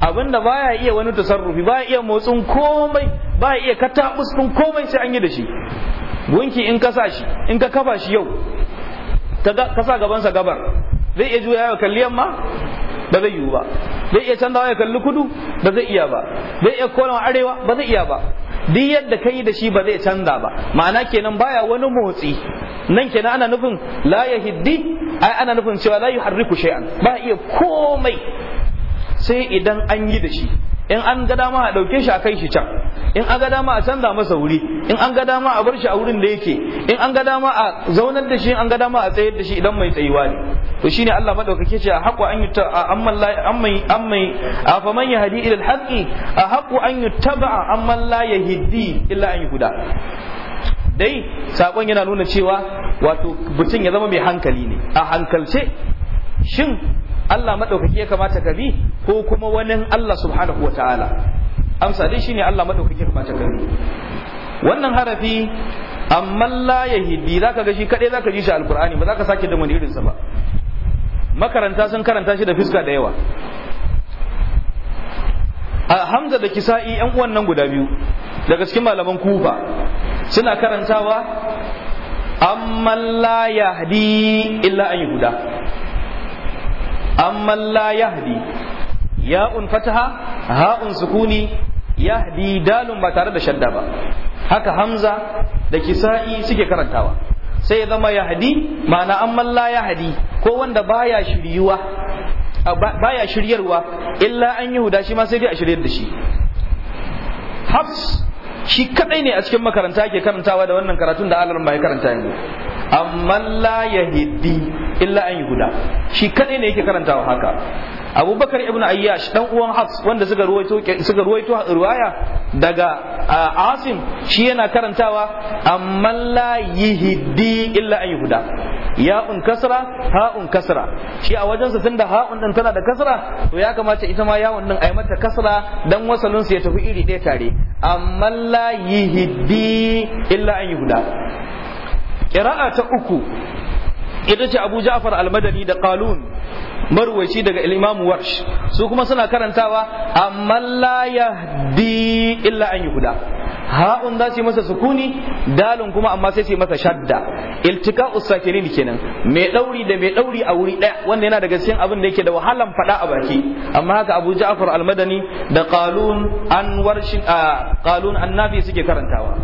abinda baya iya wani tasarrufi baya iya motsin komai baya iya katabus din komai sai an yi da shi gunki in ka shi in ka kafa shi yau ka sa gabansa gabar zai iya juya ya kalli yamma ba zai yiwu ba zai iya canza ya kalli kudu ba zai iya ba zai iya kona arewa ba zai iya ba duk yadda kai da shi ba zai canza ba ma'ana kenan baya wani motsi nan kenan ana nufin la hiddi, ai ana nufin cewa la yuharriku shay'an ba iya komai sai idan an yi da shi in an ga dama a ɗauke shi a kai shi can in an ga dama a canza masa wuri in an ga dama a bar shi a wurin da yake in an ga dama a zaunar da shi in an ga dama a tsayar da shi idan mai tsayuwa ne to shine Allah madaukake ce a haqqu an yutta amman la amman amman afa man yahdi ila al a haqqu an yuttaba amman la yahdi illa an yuhda dai sakon yana nuna cewa wato mutum ya zama mai hankali ne a hankalce shin Allah maɗaukaki ya kamata ka bi ko kuma wani Allah subhanahu wa ta'ala amsa dai shine Allah maɗaukaki ya kamata ka bi wannan harafi amma la yahdi zaka ga shi kadai zaka ji shi alqur'ani ba zaka sake da wani irin sa ba makaranta sun karanta shi da fiska da yawa a hamza da kisa'i yan uwan nan guda biyu daga cikin malaman kufa suna karantawa amman la yahdi illa an huda amman la yahdi ya'un fataha ha'un sukuni yahdi dalun ba tare da shadda ba haka hamza da kisa'i suke karantawa sai ya zama yahdi ma'ana amman la yahdi ko wanda baya shiryuwa baya shiryarwa illa an yi shi ma sai dai a shiryar da shi hafs shi kadai ne a cikin makaranta ke karantawa da wannan karatun da alarma bai karanta yanzu amma la yahdi illa an yuhuda shi kadai ne yake karantawa haka abubakar ibn ayyash dan uwan hafs wanda suka ruwaito suka ruwaito riwaya daga asim shi yana karantawa amma la yahdi illa an yuhuda ya'un kasra ha'un kasra shi a wajen sa tunda ha'un din tana da kasra to ya kamata ita ma yawon din a mata kasra dan wasalin su ya tafi iri ɗaya tare amma la yihdi illa an yuhda qira'a ta uku ita ce Abu Ja'far al-Madani da Qalun marwaci daga al-Imam Warsh su kuma suna karantawa amma la yahdi illa an yuhda ha'un za su yi masa sukuni dalin kuma amma sai su yi masa shadda iltika usakirin kenan mai dauri da mai dauri a wuri daya wanda yana daga cikin abin da yake da wahalan fada a baki amma haka Abu Ja'far almadani da qalun anwar shin qalun annabi suke karantawa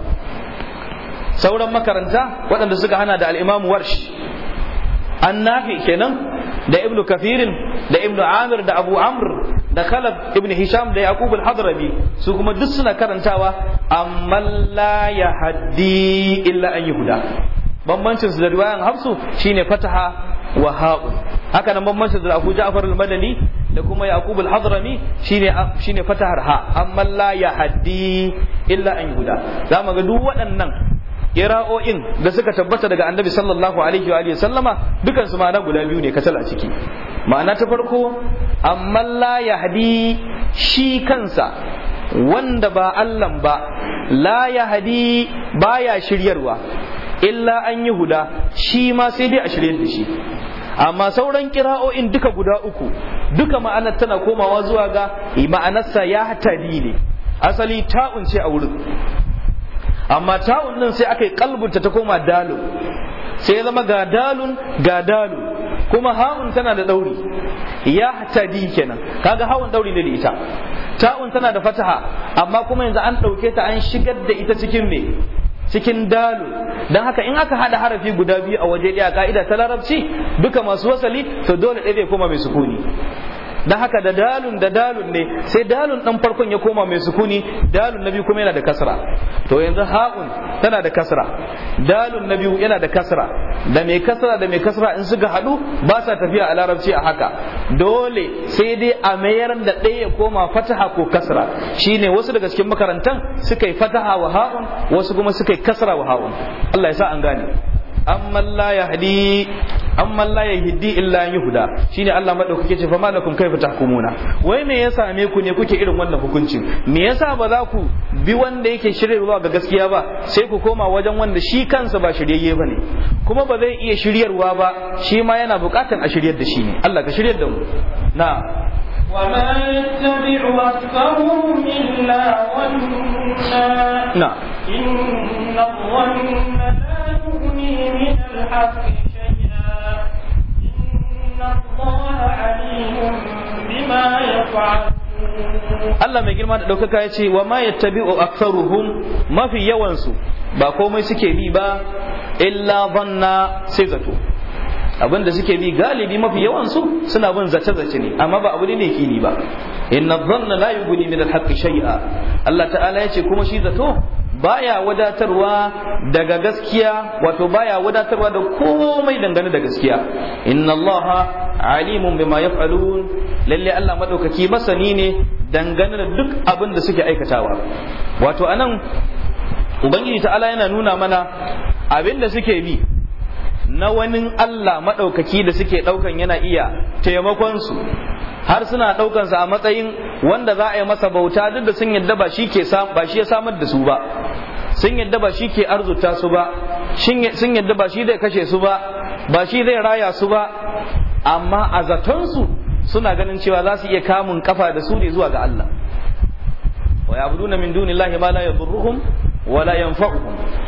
sauran makaranta waɗanda suka hana da al-Imam Warsh annafi kenan da Ibn Kafirin da Ibn Amir da Abu Amr da Khalaf ibn Hisham da Yaqub al-Hadrami su kuma duk suna karantawa Amman la yahdi illa an yuhda bambancin su da riwayan Hafsu shine fataha wa ha'u haka nan bambancin da Abu Ja'far al-Madani da kuma Yaqub al-Hadrami shine shine fatahar ha Amman la yahdi illa an yuhda zamu ga duk waɗannan kira'o'in da suka tabbata daga annabi sallallahu alaihi wa alihi sallama dukan su ma'ana guda biyu ne katal a ciki ma'ana ta farko amma la yahdi shi kansa wanda ba Allah ba la yahdi baya shiryarwa illa an yi huda shi ma sai dai a shiryar da shi amma sauran kira'o'in duka guda uku duka ma'anar tana komawa zuwa ga ma'anarsa ya hatari ne asali ta'un ce a wurin amma ta'un nan sai aka yi kalbunta ta koma dalu sai ya zama ga dalun ga dalu kuma ha'un tana da dauri ya di kenan kaga ha'un dauri ne da ita ta'un tana da fataha amma kuma yanzu an ɗauke ta an shigar da ita cikin me cikin dalu dan haka in aka hada harafi guda biyu a waje ɗaya ka'ida ta larabci duka masu wasali to dole ɗaya zai koma mai sukuni Na haka da dalun da dalun ne sai dalun ɗan farkon ya koma mai sukuni dalun na biyu kuma yana da kasra to yanzu ha'un tana da kasra dalun na biyu yana da kasra da mai kasra da mai kasra in suka haɗu ba sa tafiya a larabci a haka dole sai dai a mayar da ɗaya ya koma fataha ko kasra shine wasu daga cikin makarantan suka yi fataha wa ha'un wasu kuma suka yi kasra wa ha'un Allah ya sa an gane amman la hadi amman la hidi illa yuhda shine Allah madaukake ce fa malakum kaifa tahkumuna wai me ya same ku ne kuke irin wannan hukuncin me yasa ba za ku bi wanda yake shirye zuwa ga gaskiya ba sai ku koma wajen wanda shi kansa ba shiryayye bane kuma ba zai iya shiryarwa ba shi ma yana bukatan a shiryar da shi ne Allah ka shiryar da mu na وما يتبع أكثرهم إلا ظنا إن الظن Allah mai girma da ɗaukaka ya ce wa ma ya aktsaruhum mafi yawansu ba komai suke bi ba illa banna sai zato abinda suke bi galibi mafi yawansu suna bin zace-zace ne amma ba abu ne kini ba inna zanna la yughni min al-haqqi shay'a Allah ta'ala ya ce kuma shi zato baya wadatarwa daga gaskiya wato baya wadatarwa da komai dangane da gaskiya inna Allah alimun bima yaf'alun lalle Allah madaukaki masani ne dangane da duk abin da suke aikatawa wato anan ubangiji ta'ala yana nuna mana abin da suke bi na wani Allah maɗaukaki da suke ɗaukan yana iya taimakon su har suna ɗaukansa a matsayin wanda za a yi masa bauta duk da sun yadda ba shi ya samar da su ba sun yadda ba shi ke arzuta su ba sun yadda ba shi zai kashe su ba ba shi zai raya su ba amma a zatonsu suna ganin cewa za su iya kamun kafa da su ne zuwa ga Allah wa ya'buduna min dunillahi ma la yadurruhum wa la yanfa'uhum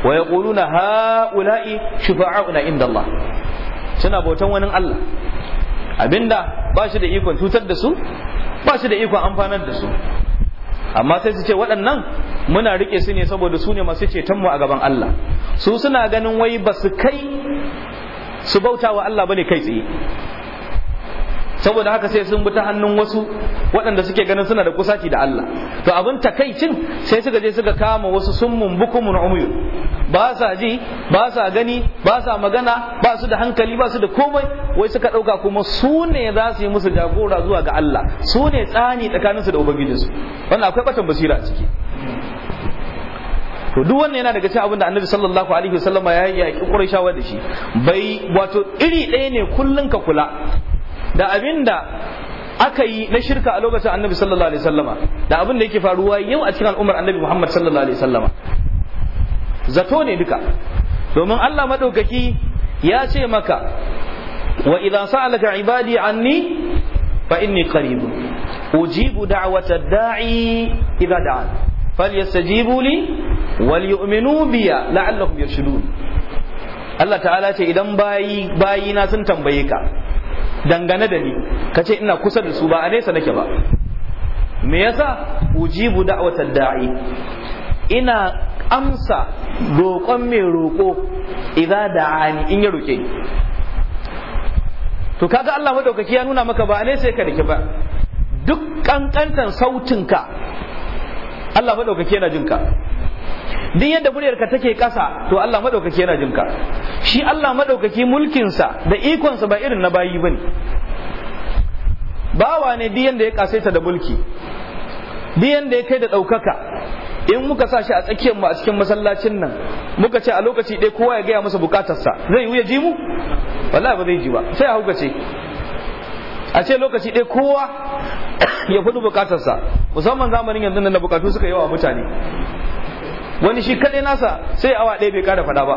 wa yaquluna ha'ula'i shufa'auna inda Allah suna bautan wani Allah abinda ba shi da ikon cutar da su ba shi da ikon amfanar da su amma sai su ce waɗannan muna riƙe su ne saboda su ne masu ceton mu a gaban Allah su suna ganin wai ba su kai su bauta wa Allah bane kai tsaye saboda haka sai sun bi ta hannun wasu waɗanda suke ganin suna da kusaci da Allah to abin takaicin sai suka je suka kama wasu buku mun umyu ba sa ji ba sa gani ba sa magana ba su da hankali ba su da komai wai suka ɗauka kuma su ne za su yi musu jagora zuwa ga Allah su ne tsani tsakaninsu da ubangijinsu wannan akwai ɓatan basira a ciki to duk wannan yana daga cikin abin da annabi sallallahu alaihi wasallama ya yi yaƙi ƙurashawa da shi bai wato iri ɗaya ne kullun ka kula da abin da aka yi na shirka a lokacin annabi sallallahu alaihi wasallama da abin da yake faruwa yau a cikin al'ummar annabi muhammad sallallahu alaihi wasallama zato ne duka domin allah maɗaukaki ya ce maka wa idza sa'alaka ibadi anni fa inni qarib ujibu da'wata da'i idza da'an falyastajibu li waliyu'minu bi la'allahum yarshudun Allah ta'ala ce idan bayi na sun tambaye ka dangane da ni kace ina kusa da su ba a nesa nake ba me yasa ujibu da'watad da'i ina amsa roƙon mai roƙo idza da'ani in ya roƙe to kaga Allah madaukaki ya nuna maka ba a nesa ka dake ba duk kankantan sautinka Allah madaukaki yana jinka duk yadda muryarka take kasa to Allah maɗaukaki yana jinka shi Allah mulkin mulkinsa da ikonsa ba irin na bayi bane bawa ne duk yadda ya ta da mulki duk yadda ya kai da ɗaukaka in muka sa shi a tsakiyar mu a cikin masallacin nan muka ce a lokaci ɗaya kowa ya gaya masa bukatarsa zai yi ya ji mu wallahi ba zai ji ba sai a hukace a ce lokaci ɗaya kowa ya fudu bukatarsa musamman zamanin yanzu nan da bukatu suka yawa mutane wani shi kadai nasa sai awa ɗaya bai kara faɗa ba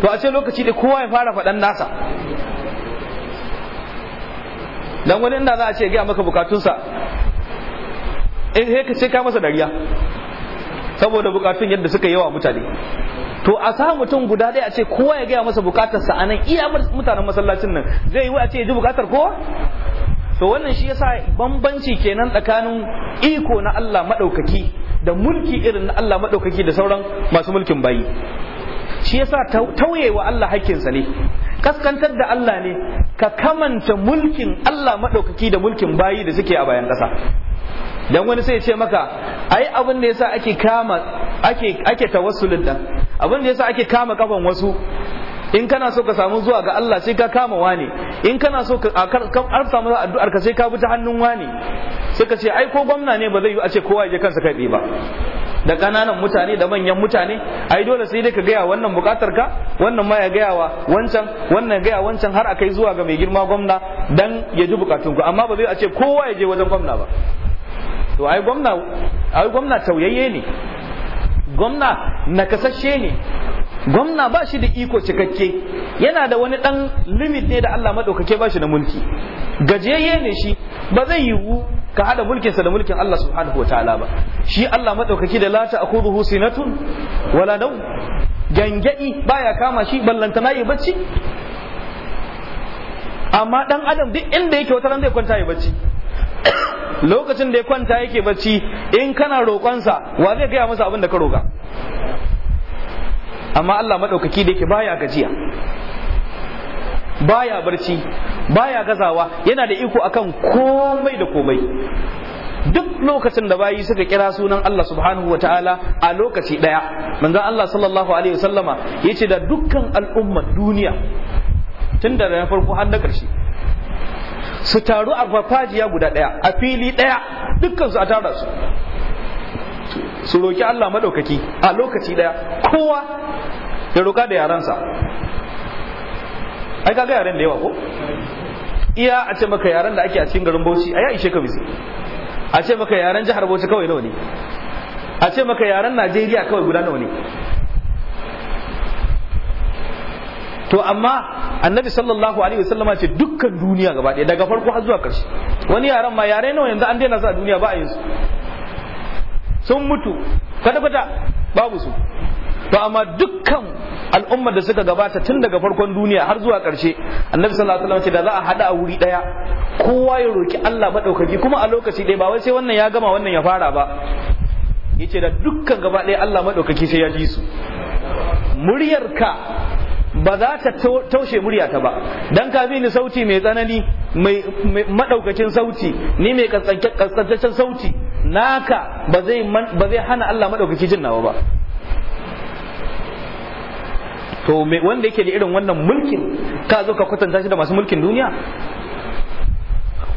to a ce lokaci da kowa ya fara faɗan nasa dan wani inda za a ce gaya maka bukatunsa in eh, sai ka ce ka masa dariya saboda bukatun yadda suka yawa mutane to a sa mutum guda daya a ce kowa ya gaya masa bukatarsa a nan iya mutanen masallacin nan zai yi a ce ya ji bukatar kowa to wannan shi yasa bambanci kenan tsakanin iko na Allah maɗaukaki da mulki irin na Allah maɗaukaki da sauran masu mulkin bayi shi yasa tauye wa Allah haƙƙinsa ne kaskantar da Allah ne ka kamanta mulkin Allah maɗaukaki da mulkin bayi da suke a bayan kasa. dan wani sai ya ce maka ai abin da yasa ake kama ake ake tawassulin dan abin da yasa ake kama kafan wasu in kana so ka samu zuwa ga Allah sai ka kama wane in kana so ka samu addu'ar ka sai ka bi ta hannun wane suka ce ai ko gwamna ne ba zai yi a ce kowa ya kansa kai ba da kananan mutane da manyan mutane ai dole sai dai ka gaya wannan bukatar ka wannan ma ya gaya wa wancan wannan gaya wancan har akai zuwa ga mai girma gwamna dan ya ji bukatun ku amma ba zai a ce kowa ya je wajen gwamna ba to ai gwamna ai gwamna tauyayye ne gwamna nakasashe ne gwamna ba shi da iko cikakke yana da wani dan limit ne da Allah madaukake ba shi da mulki gajeyye ne shi ba zai yiwu ka hada sa da mulkin Allah subhanahu wa ta'ala ba shi Allah madaukaki da lata akuduhu sinatun wala nau gangadi baya kama shi ballantana yi bacci amma dan adam duk inda yake wata ran zai kwanta ya bacci lokacin da ya kwanta yake bacci in kana roƙonsa wa zai gaya masa abin da ka roƙa amma Allah maɗaukaki da yake baya gajiya baya barci baya gazawa yana da iko akan komai da komai duk lokacin da bayi suka kira sunan Allah subhanahu wa ta'ala a lokaci daya manzon Allah sallallahu alaihi wasallama yace da dukkan al'umma duniya tun da na farko har na ƙarshe su taru a farfajiya guda daya a fili daya dukkan su a tara su su roki Allah madaukaki a lokaci daya kowa ya roka da yaransa ai kaga yaren da yawa ko iya a ce maka yaren da ake a cikin garin Bauchi ai ya ishe ka bizi a ce maka yaren jihar Bauchi kawai nawa ne a ce maka yaren Najeriya kawai guda nawa ne to amma annabi sallallahu alaihi wasallam ce dukkan duniya gaba ɗaya daga farko har zuwa ƙarshe wani yaren ma yare nawa yanzu an daina su a duniya ba a yin su sun mutu kwata-kwata babu su to amma dukkan al'ummar da suka gabata tun daga farkon duniya har zuwa ƙarshe annabi sallallahu alaihi wasallam ce da za a hada a wuri daya kowa ya roki Allah madaukaki kuma a lokaci ɗaya ba wai sai wannan ya gama wannan ya fara ba yace da dukkan gaba ɗaya Allah madaukaki sai ya ji su muryarka ba za ta taushe muryata ba dan ka bi ni sauti mai tsanani mai madaukakin sauti ni mai kaskantaccen sauti naka ba zai hana Allah madaukaki jin nawa ba to wanda yake da irin wannan mulkin ka zo ka kwatanta shi da masu mulkin duniya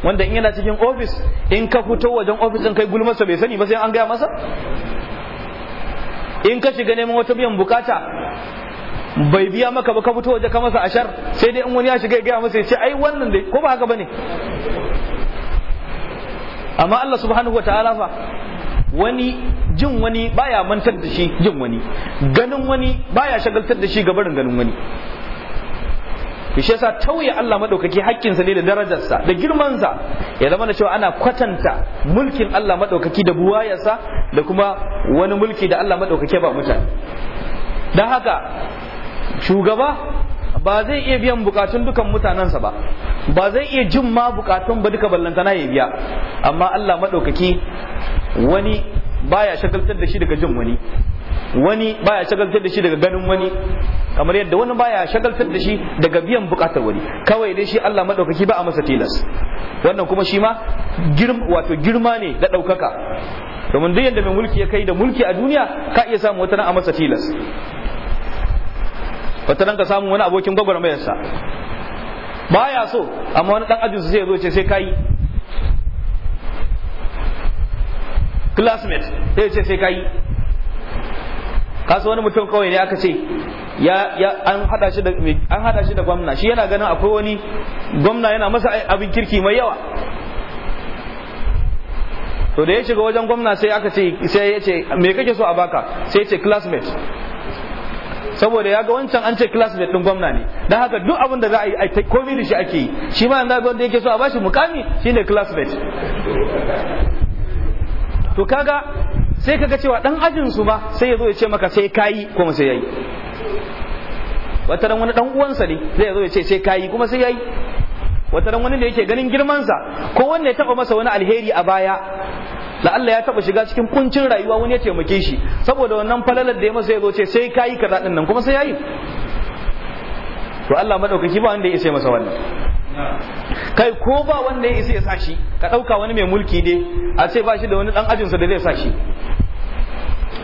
wanda in yana cikin ofis in ka fito wajen ofis din kai gulmarsa bai sani ba sai an gaya masa in ka shiga neman wata biyan bukata bai biya maka ba ka fito waje ka masa ashar sai dai in wani ya shiga ya gaya masa ya ce ai wannan dai ko ba haka bane amma Allah subhanahu ta'ala fa wani jin wani baya mantar da shi jin wani ganin wani baya shagaltar da shi ga barin ganin wani shi yasa tauye Allah madaukaki hakkinsa ne da darajarsa da girmansa ya zama na cewa ana kwatanta mulkin Allah madaukaki da buwayarsa da kuma wani mulki da Allah madaukaki ba mutane don haka shugaba ba zai iya biyan bukatun dukan mutanensa ba ba zai iya jin ma bukatun ba duka ballantana ya biya amma Allah madaukaki wani baya shagaltar da shi daga jin wani wani baya shagaltar da shi daga ganin wani kamar yadda wani baya shagaltar da shi daga biyan bukatar wani kawai dai shi Allah madaukaki ba a masa tilas wannan kuma shi ma girma wato girma ne da ɗaukaka domin duk yadda mai mulki ya kai da mulki a duniya ka iya samu wata nan a masa tilas wata nan ka samu wani abokin gwagwarmayarsa baya so amma wani dan ajinsu sai ya zo ce sai kayi classmate sai ce sai kai kasu wani mutum kawai ne aka ce ya ya an hada shi da an hada shi da gwamna shi yana ganin akwai wani gwamna yana masa abin kirki mai yawa to da ya shiga wajen gwamna sai aka ce sai ya ce me kake so a baka sai ya ce classmate saboda ya ga wancan an ce classmate din gwamna ne dan haka duk abin da za a yi a komai da shi ake yi shi ma yanzu wanda yake so a bashi mukami shine classmate to kaga sai kaga cewa dan ajin su ba sai ya zo ya ce maka sai kayi kuma sai yayi wata ran wani dan uwansa ne zai zo ya ce sai kayi kuma sai yayi wata ran wani da yake ganin girmansa ko wanda ya taba masa wani alheri a baya la Allah ya taba shiga cikin kuncin rayuwa wani ya taimake shi saboda wannan falalar da ya masa ya zo ce sai kayi kaza din nan kuma sai yayi to Allah madaukaki ba wanda ya sai masa wannan kai ko ba wanda ya isa ya sashi ka ɗauka wani mai mulki dai, a ce ba shi da wani ɗan ajinsa da zai sa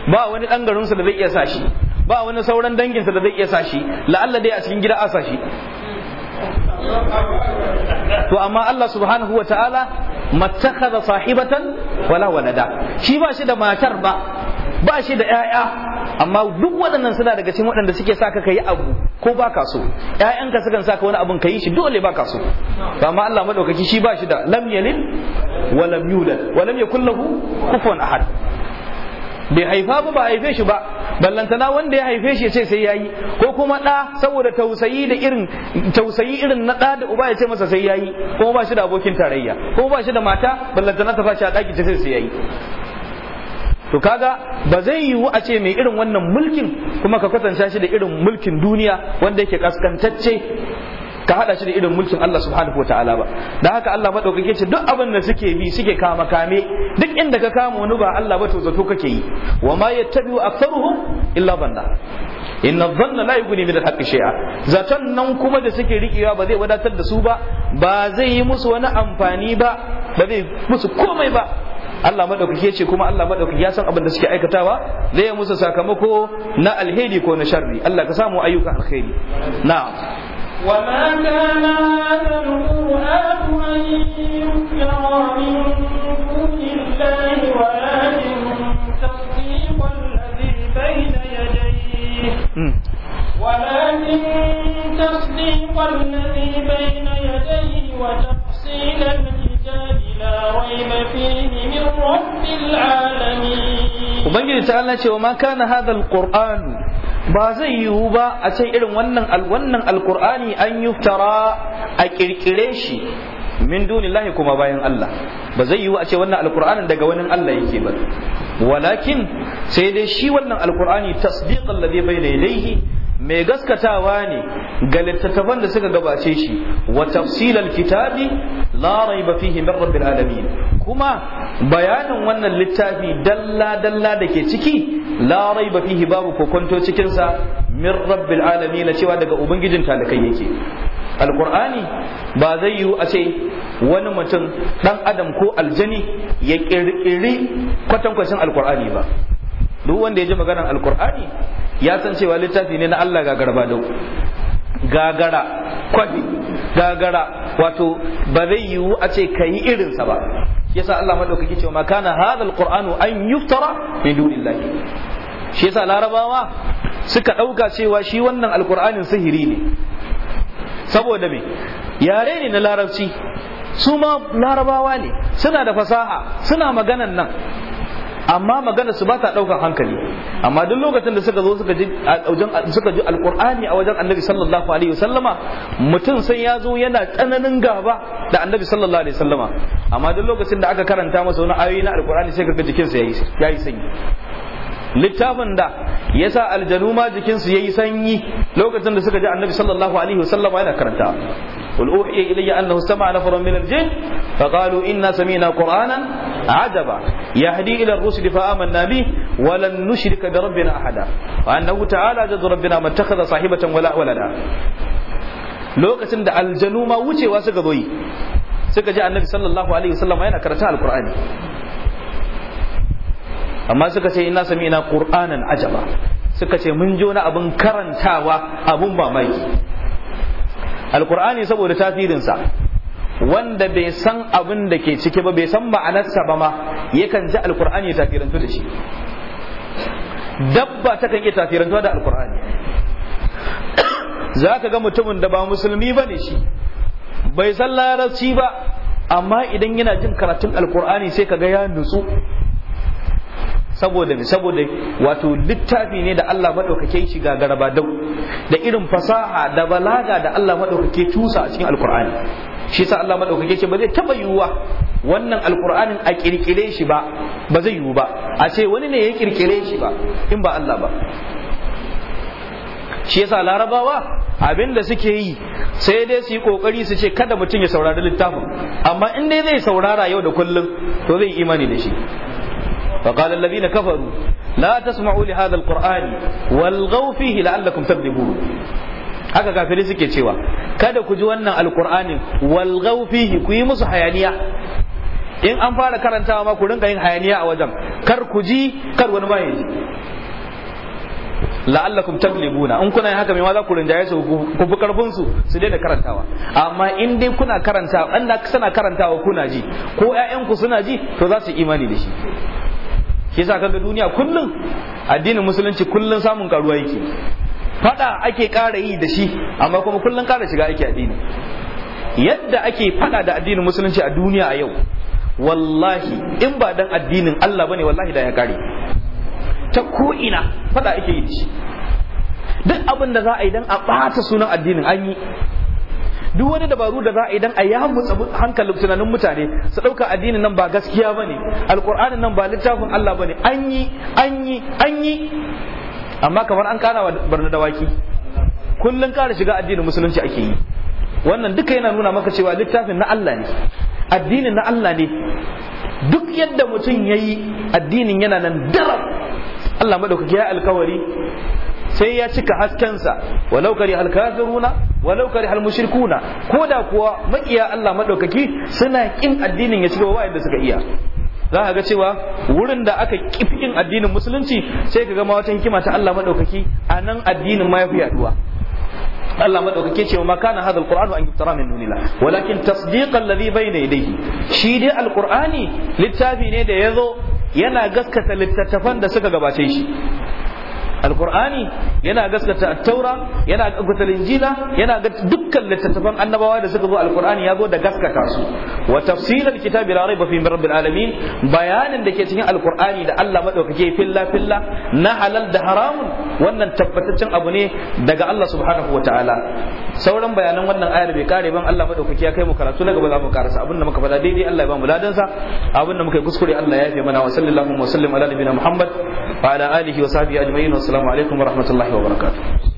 ba wani ɗan garinsa da zai iya sa ba wani sauran danginsa da zai iya sa la'alla dai a cikin gida a sa to amma Allah subhanahu wa ta'ala mattakhadha sahibatan wala walada shi ba shi da matar ba ba shi da ‘ya'ya amma duk waɗannan suna daga cikin waɗanda suke sa ka abu ko ba ka so ‘ya'yanka sukan sa ka wani abun ka yi shi dole ba ka so amma Allah madaukaki shi ba shi da lam yalid wa lam yulad wa lam yakul lahu kufuwan ahad bai haifa ba ba haife shi ba ballantana wanda ya haife shi ya ce sai yayi ko kuma ɗa saboda tausayi da irin tausayi irin na ɗa da uba ya ce masa sai yayi ko ba shi da abokin tarayya ko ba shi da mata ballantana ta fashi a ɗaki ce sai yayi to kaga ba zai yiwu a ce mai irin wannan mulkin kuma ka kwatanta shi da irin mulkin duniya wanda yake kaskantacce ka hada shi da irin mulkin Allah subhanahu wa ta'ala ba da haka Allah madaukake ce duk abin da suke bi suke kama kame duk inda ka kama wani ba Allah ba to zato kake yi wa ma yattabi'u aktharuhum illa banna inna dhanna la yughni min al-haqqi shay'a zaton nan kuma da suke rikewa ba zai wadatar da su ba ba zai yi musu wani amfani ba ba zai musu komai ba Allah madaukaki ce kuma Allah madaukaki ya san abin da suke aikatawa zai yi musu sakamako na alheri ko na sharri Allah ka samu ayyuka alheri na'am وما كان هذا القرآن أن يذكر من دون الله ولكن تصديق الذي بين يديه ولكن تصديق الذي بين يديه وتفصيل الكتاب Ubangiji ta فيه من رب العالمين وبنجي تعالى ba zai yiwu ba a ce irin wannan wannan alqur'ani an yuftara a kirkire shi min dunillahi kuma bayan Allah ba zai yiwu a ce wannan alqur'anin daga wani Allah yake ba walakin sai dai shi wannan alqur'ani tasdiqan ladhi bayna yadayhi mai gaskatawa ne ga littattafan da suka gabace shi wa tafsilal kitabi la raiba fihi min rabbil alamin kuma bayanin wannan littafi dalla dalla da ke ciki la raiba fihi babu kokonto cikin sa min rabbil alamin cewa daga ubangijin talakai yake alkur'ani ba zai yiwu a ce wani mutum dan adam ko aljani ya kirkiri kwatankwacin alkur'ani ba duk wanda ya ji maganar alkur'ani ya san cewa littafi ne na Allah ga garba dau gagara kwabi gagara wato ba zai yiwu a ce ka yi irinsa ba yasa Allah madaukaki cewa makana hadha alqur'anu an yuftara min dunillahi shi yasa larabawa suka dauka cewa shi wannan alqur'anin sihiri ne saboda me yare ne na larabci su ma larabawa ne suna da fasaha suna maganan nan amma magana su ba ta ɗaukar hankali amma duk lokacin da suka zo suka ji suka ji alqur'ani a wajen annabi sallallahu alaihi wasallama mutum sai ya zo yana tsananin gaba da annabi sallallahu alaihi wasallama amma duk lokacin da aka karanta masa wani ayoyi na alqur'ani sai kaga jikinsa yayi sanyi littafin da ya sa aljanu ma jikinsu ya yi sanyi lokacin da suka ji annabi sallallahu alaihi wasallama yana karanta قل أوحي إلي أنه استمع نفر من الجن فقالوا إنا سمينا قرآنا عجبا يهدي إلى الرشد فآمنا به ولن نشرك بربنا أحدا وأنه تعالى جد ربنا ما اتخذ صاحبة ولا ولدا lokacin da aljanu ma wucewa suka zo suka ji annabi sallallahu alaihi wasallam yana karatun alqur'ani amma suka ce ina sami ina qur'anan ajaba suka ce mun ji wani abin karantawa abun mamaki alqur'ani saboda tasirinsa wanda bai san abin da ke ciki ba bai san ma'anarsa ba ma yakan ji alqur'ani ya tasirantu da shi dabba ta kan iya tasirantuwa da alqur'ani za ka ga mutumin da ba musulmi ba ne shi bai san larabci ba amma idan yana jin karatun alqur'ani sai ka ga ya nutsu saboda saboda wato littafi ne da Allah madaukake shi ga garaba dau da irin fasaha da balaga da Allah madaukake tusa a cikin alkur'ani shi sa Allah madaukake ce ba zai taba yiwuwa wannan alkur'anin a kirkire shi ba ba zai yiwu ba a ce wani ne ya kirkire shi ba in ba Allah ba shi yasa larabawa abin da suke yi sai dai su yi kokari su ce kada mutum ya saurari littafin amma in dai zai saurara yau da kullum to zai imani da shi فقال الذين كفروا لا تسمعوا لهذا القرآن والغوا فيه لعلكم تغلبون haka kafirai suke cewa kada ku ji wannan alkur'anin walgau fihi ku yi musu hayaniya in an fara karantawa ma ku rinka yin hayaniya a wajen kar ku ji kar wani ma ji la'allakum taglibuna in kuna yin haka mai ma za ku rinjaye su ku fi karfin su su daina karantawa amma in dai kuna karantawa an da sana karantawa kuna ji ko ƴaƴanku suna ji to za su imani da shi shi sa kaga duniya kullum addinin musulunci kullum samun karuwa yake fada ake kara yi da shi amma kuma kullum kara shiga ake addini yadda ake fada da addinin musulunci a duniya a yau wallahi in ba dan addinin Allah bane wallahi da ya kare ta ko ina fada ake yi da shi duk abin da za a yi dan a bata sunan addinin an yi duk wani dabaru da za a idan a yi hankalin tunanin mutane su ɗauka addinin nan ba gaskiya ba ne alƙur'anin nan ba littafin Allah ba ne an yi an yi an yi amma kamar an kana wa barna dawaki kullum ƙara shiga addinin musulunci ake yi wannan duka yana nuna maka cewa littafin na Allah ne addinin na Allah ne duk yadda mutum ya yi addinin yana nan daram Allah maɗaukaki ya alkawari sai ya cika haskensa walau kari hal walau kari hal ko da kuwa makiya Allah madaukaki suna kin addinin ya cika wa yadda suka iya za ka ga cewa wurin da aka kifin addinin musulunci sai ka ga ma wata hikima ta Allah madaukaki a nan addinin ma ya fi yaduwa Allah madaukake ce ma kana hadha alqur'anu an yuftara min dunillah walakin tasdiq alladhi bayna yadayhi shi dai alqur'ani littafi ne da yazo yana gaskata littattafan da suka gabace shi alqur'ani yana gaskata taura yana gaskata injila yana ga dukkan littattafan annabawa da suka zo alqur'ani ya zo da gaskata su wa tafsilal kitabi la raiba fi rabbil alamin bayanin da ke cikin alqur'ani da Allah madaukake filla filla na halal da haramun wannan tabbataccen abu ne daga Allah subhanahu wataala sauran bayanan wannan ayar bai kare ban Allah madaukake ya kai mu karatu na gaba za mu karasa abin da muka faɗa daidai Allah ya ba mu ladansa abin da muka yi kuskure Allah ya yafe mana wa sallallahu alaihi wa sallam ala nabiyina Muhammad wa ala alihi wa sahbihi ajma'in wa assalamu alaikum wa wa barakatuh